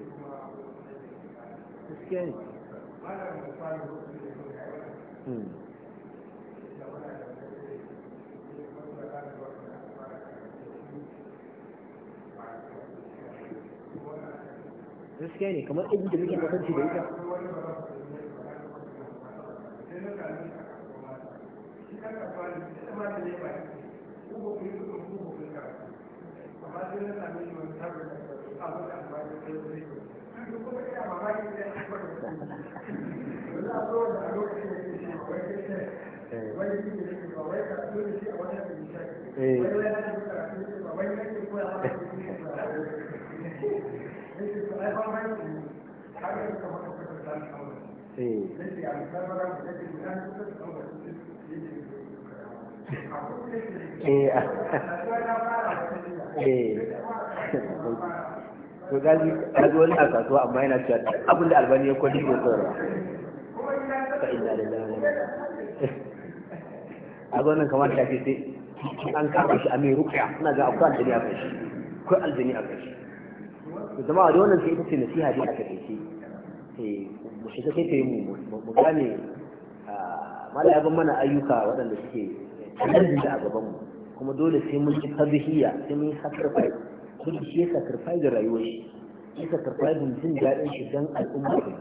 gaskiya ne hmm. gaskiya ne kamar ɗin da muke kasance da ita amma sai Eh. Eh. eh, eh. eh. to gaji zo wani a kasuwa amma yana cewa abin da albani ya kwadi ko tsoro fa inna lillahi wa a gonan kamar ta ce sai an kafa shi a mai rukiya ina ga akwai aljini a kai shi ko aljini a kai shi to a da wannan sai ita ce nasiha dai a takaice shi eh, mu shi ta yi mu mu gane ah, mala ya ban mana ayyuka waɗanda suke canji da a gaban mu kuma dole sai mun ci tabihiya sai mun yi sacrifice duk shi ya sacrifice rayuwar shi ya sacrifice jin daɗin shi don al'umma da ne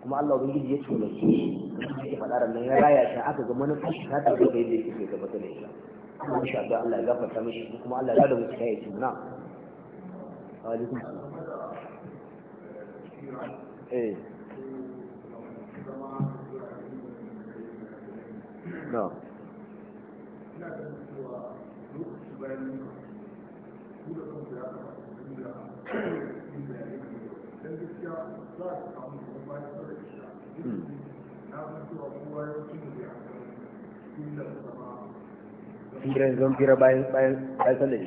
kuma Allah ubangiji ya tolace shi kuma ya faɗa ran nan ya raya shi aka ga manufar shi ta tafi da yadda yake gaba da ne kuma insha Allah Allah ya gafarta mishi kuma Allah ya da mutum ya yi na alaikum eh no firan zan fira bayan sallar hmm.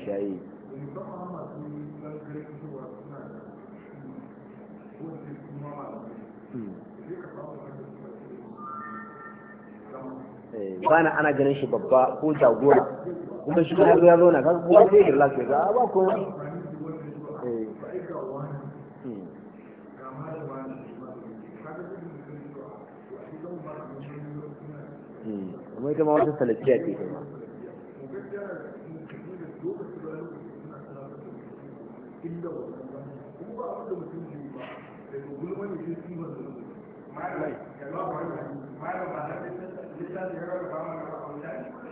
eh, ba na ana ganin shi babba ko jagora kuma shi kuma ya zauna kan kuma sai ya lafiya ga ah, ba ko kuma eh. hmm. ita ma wata salafiya ce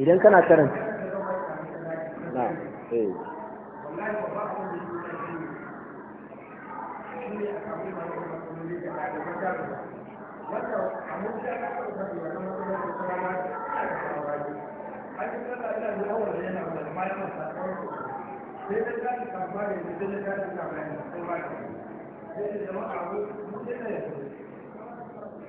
idan kana karanta na eh Thank you.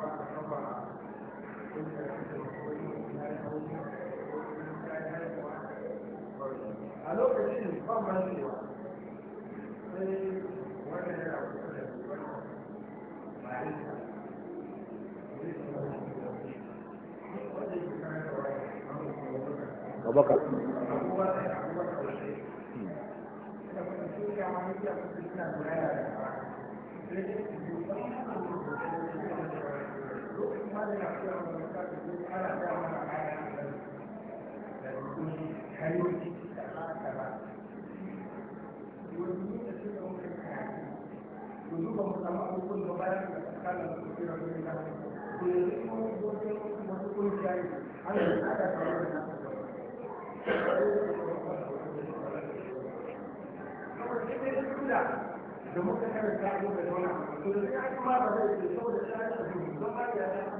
a lokacin ban ban cewa sai wanda da Abubakar. Hmm. da muka a yau da zauna to da sai an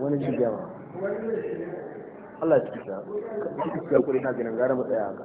wani zai Allah ya cika ciki ya kuri na ganin gara matsaya haka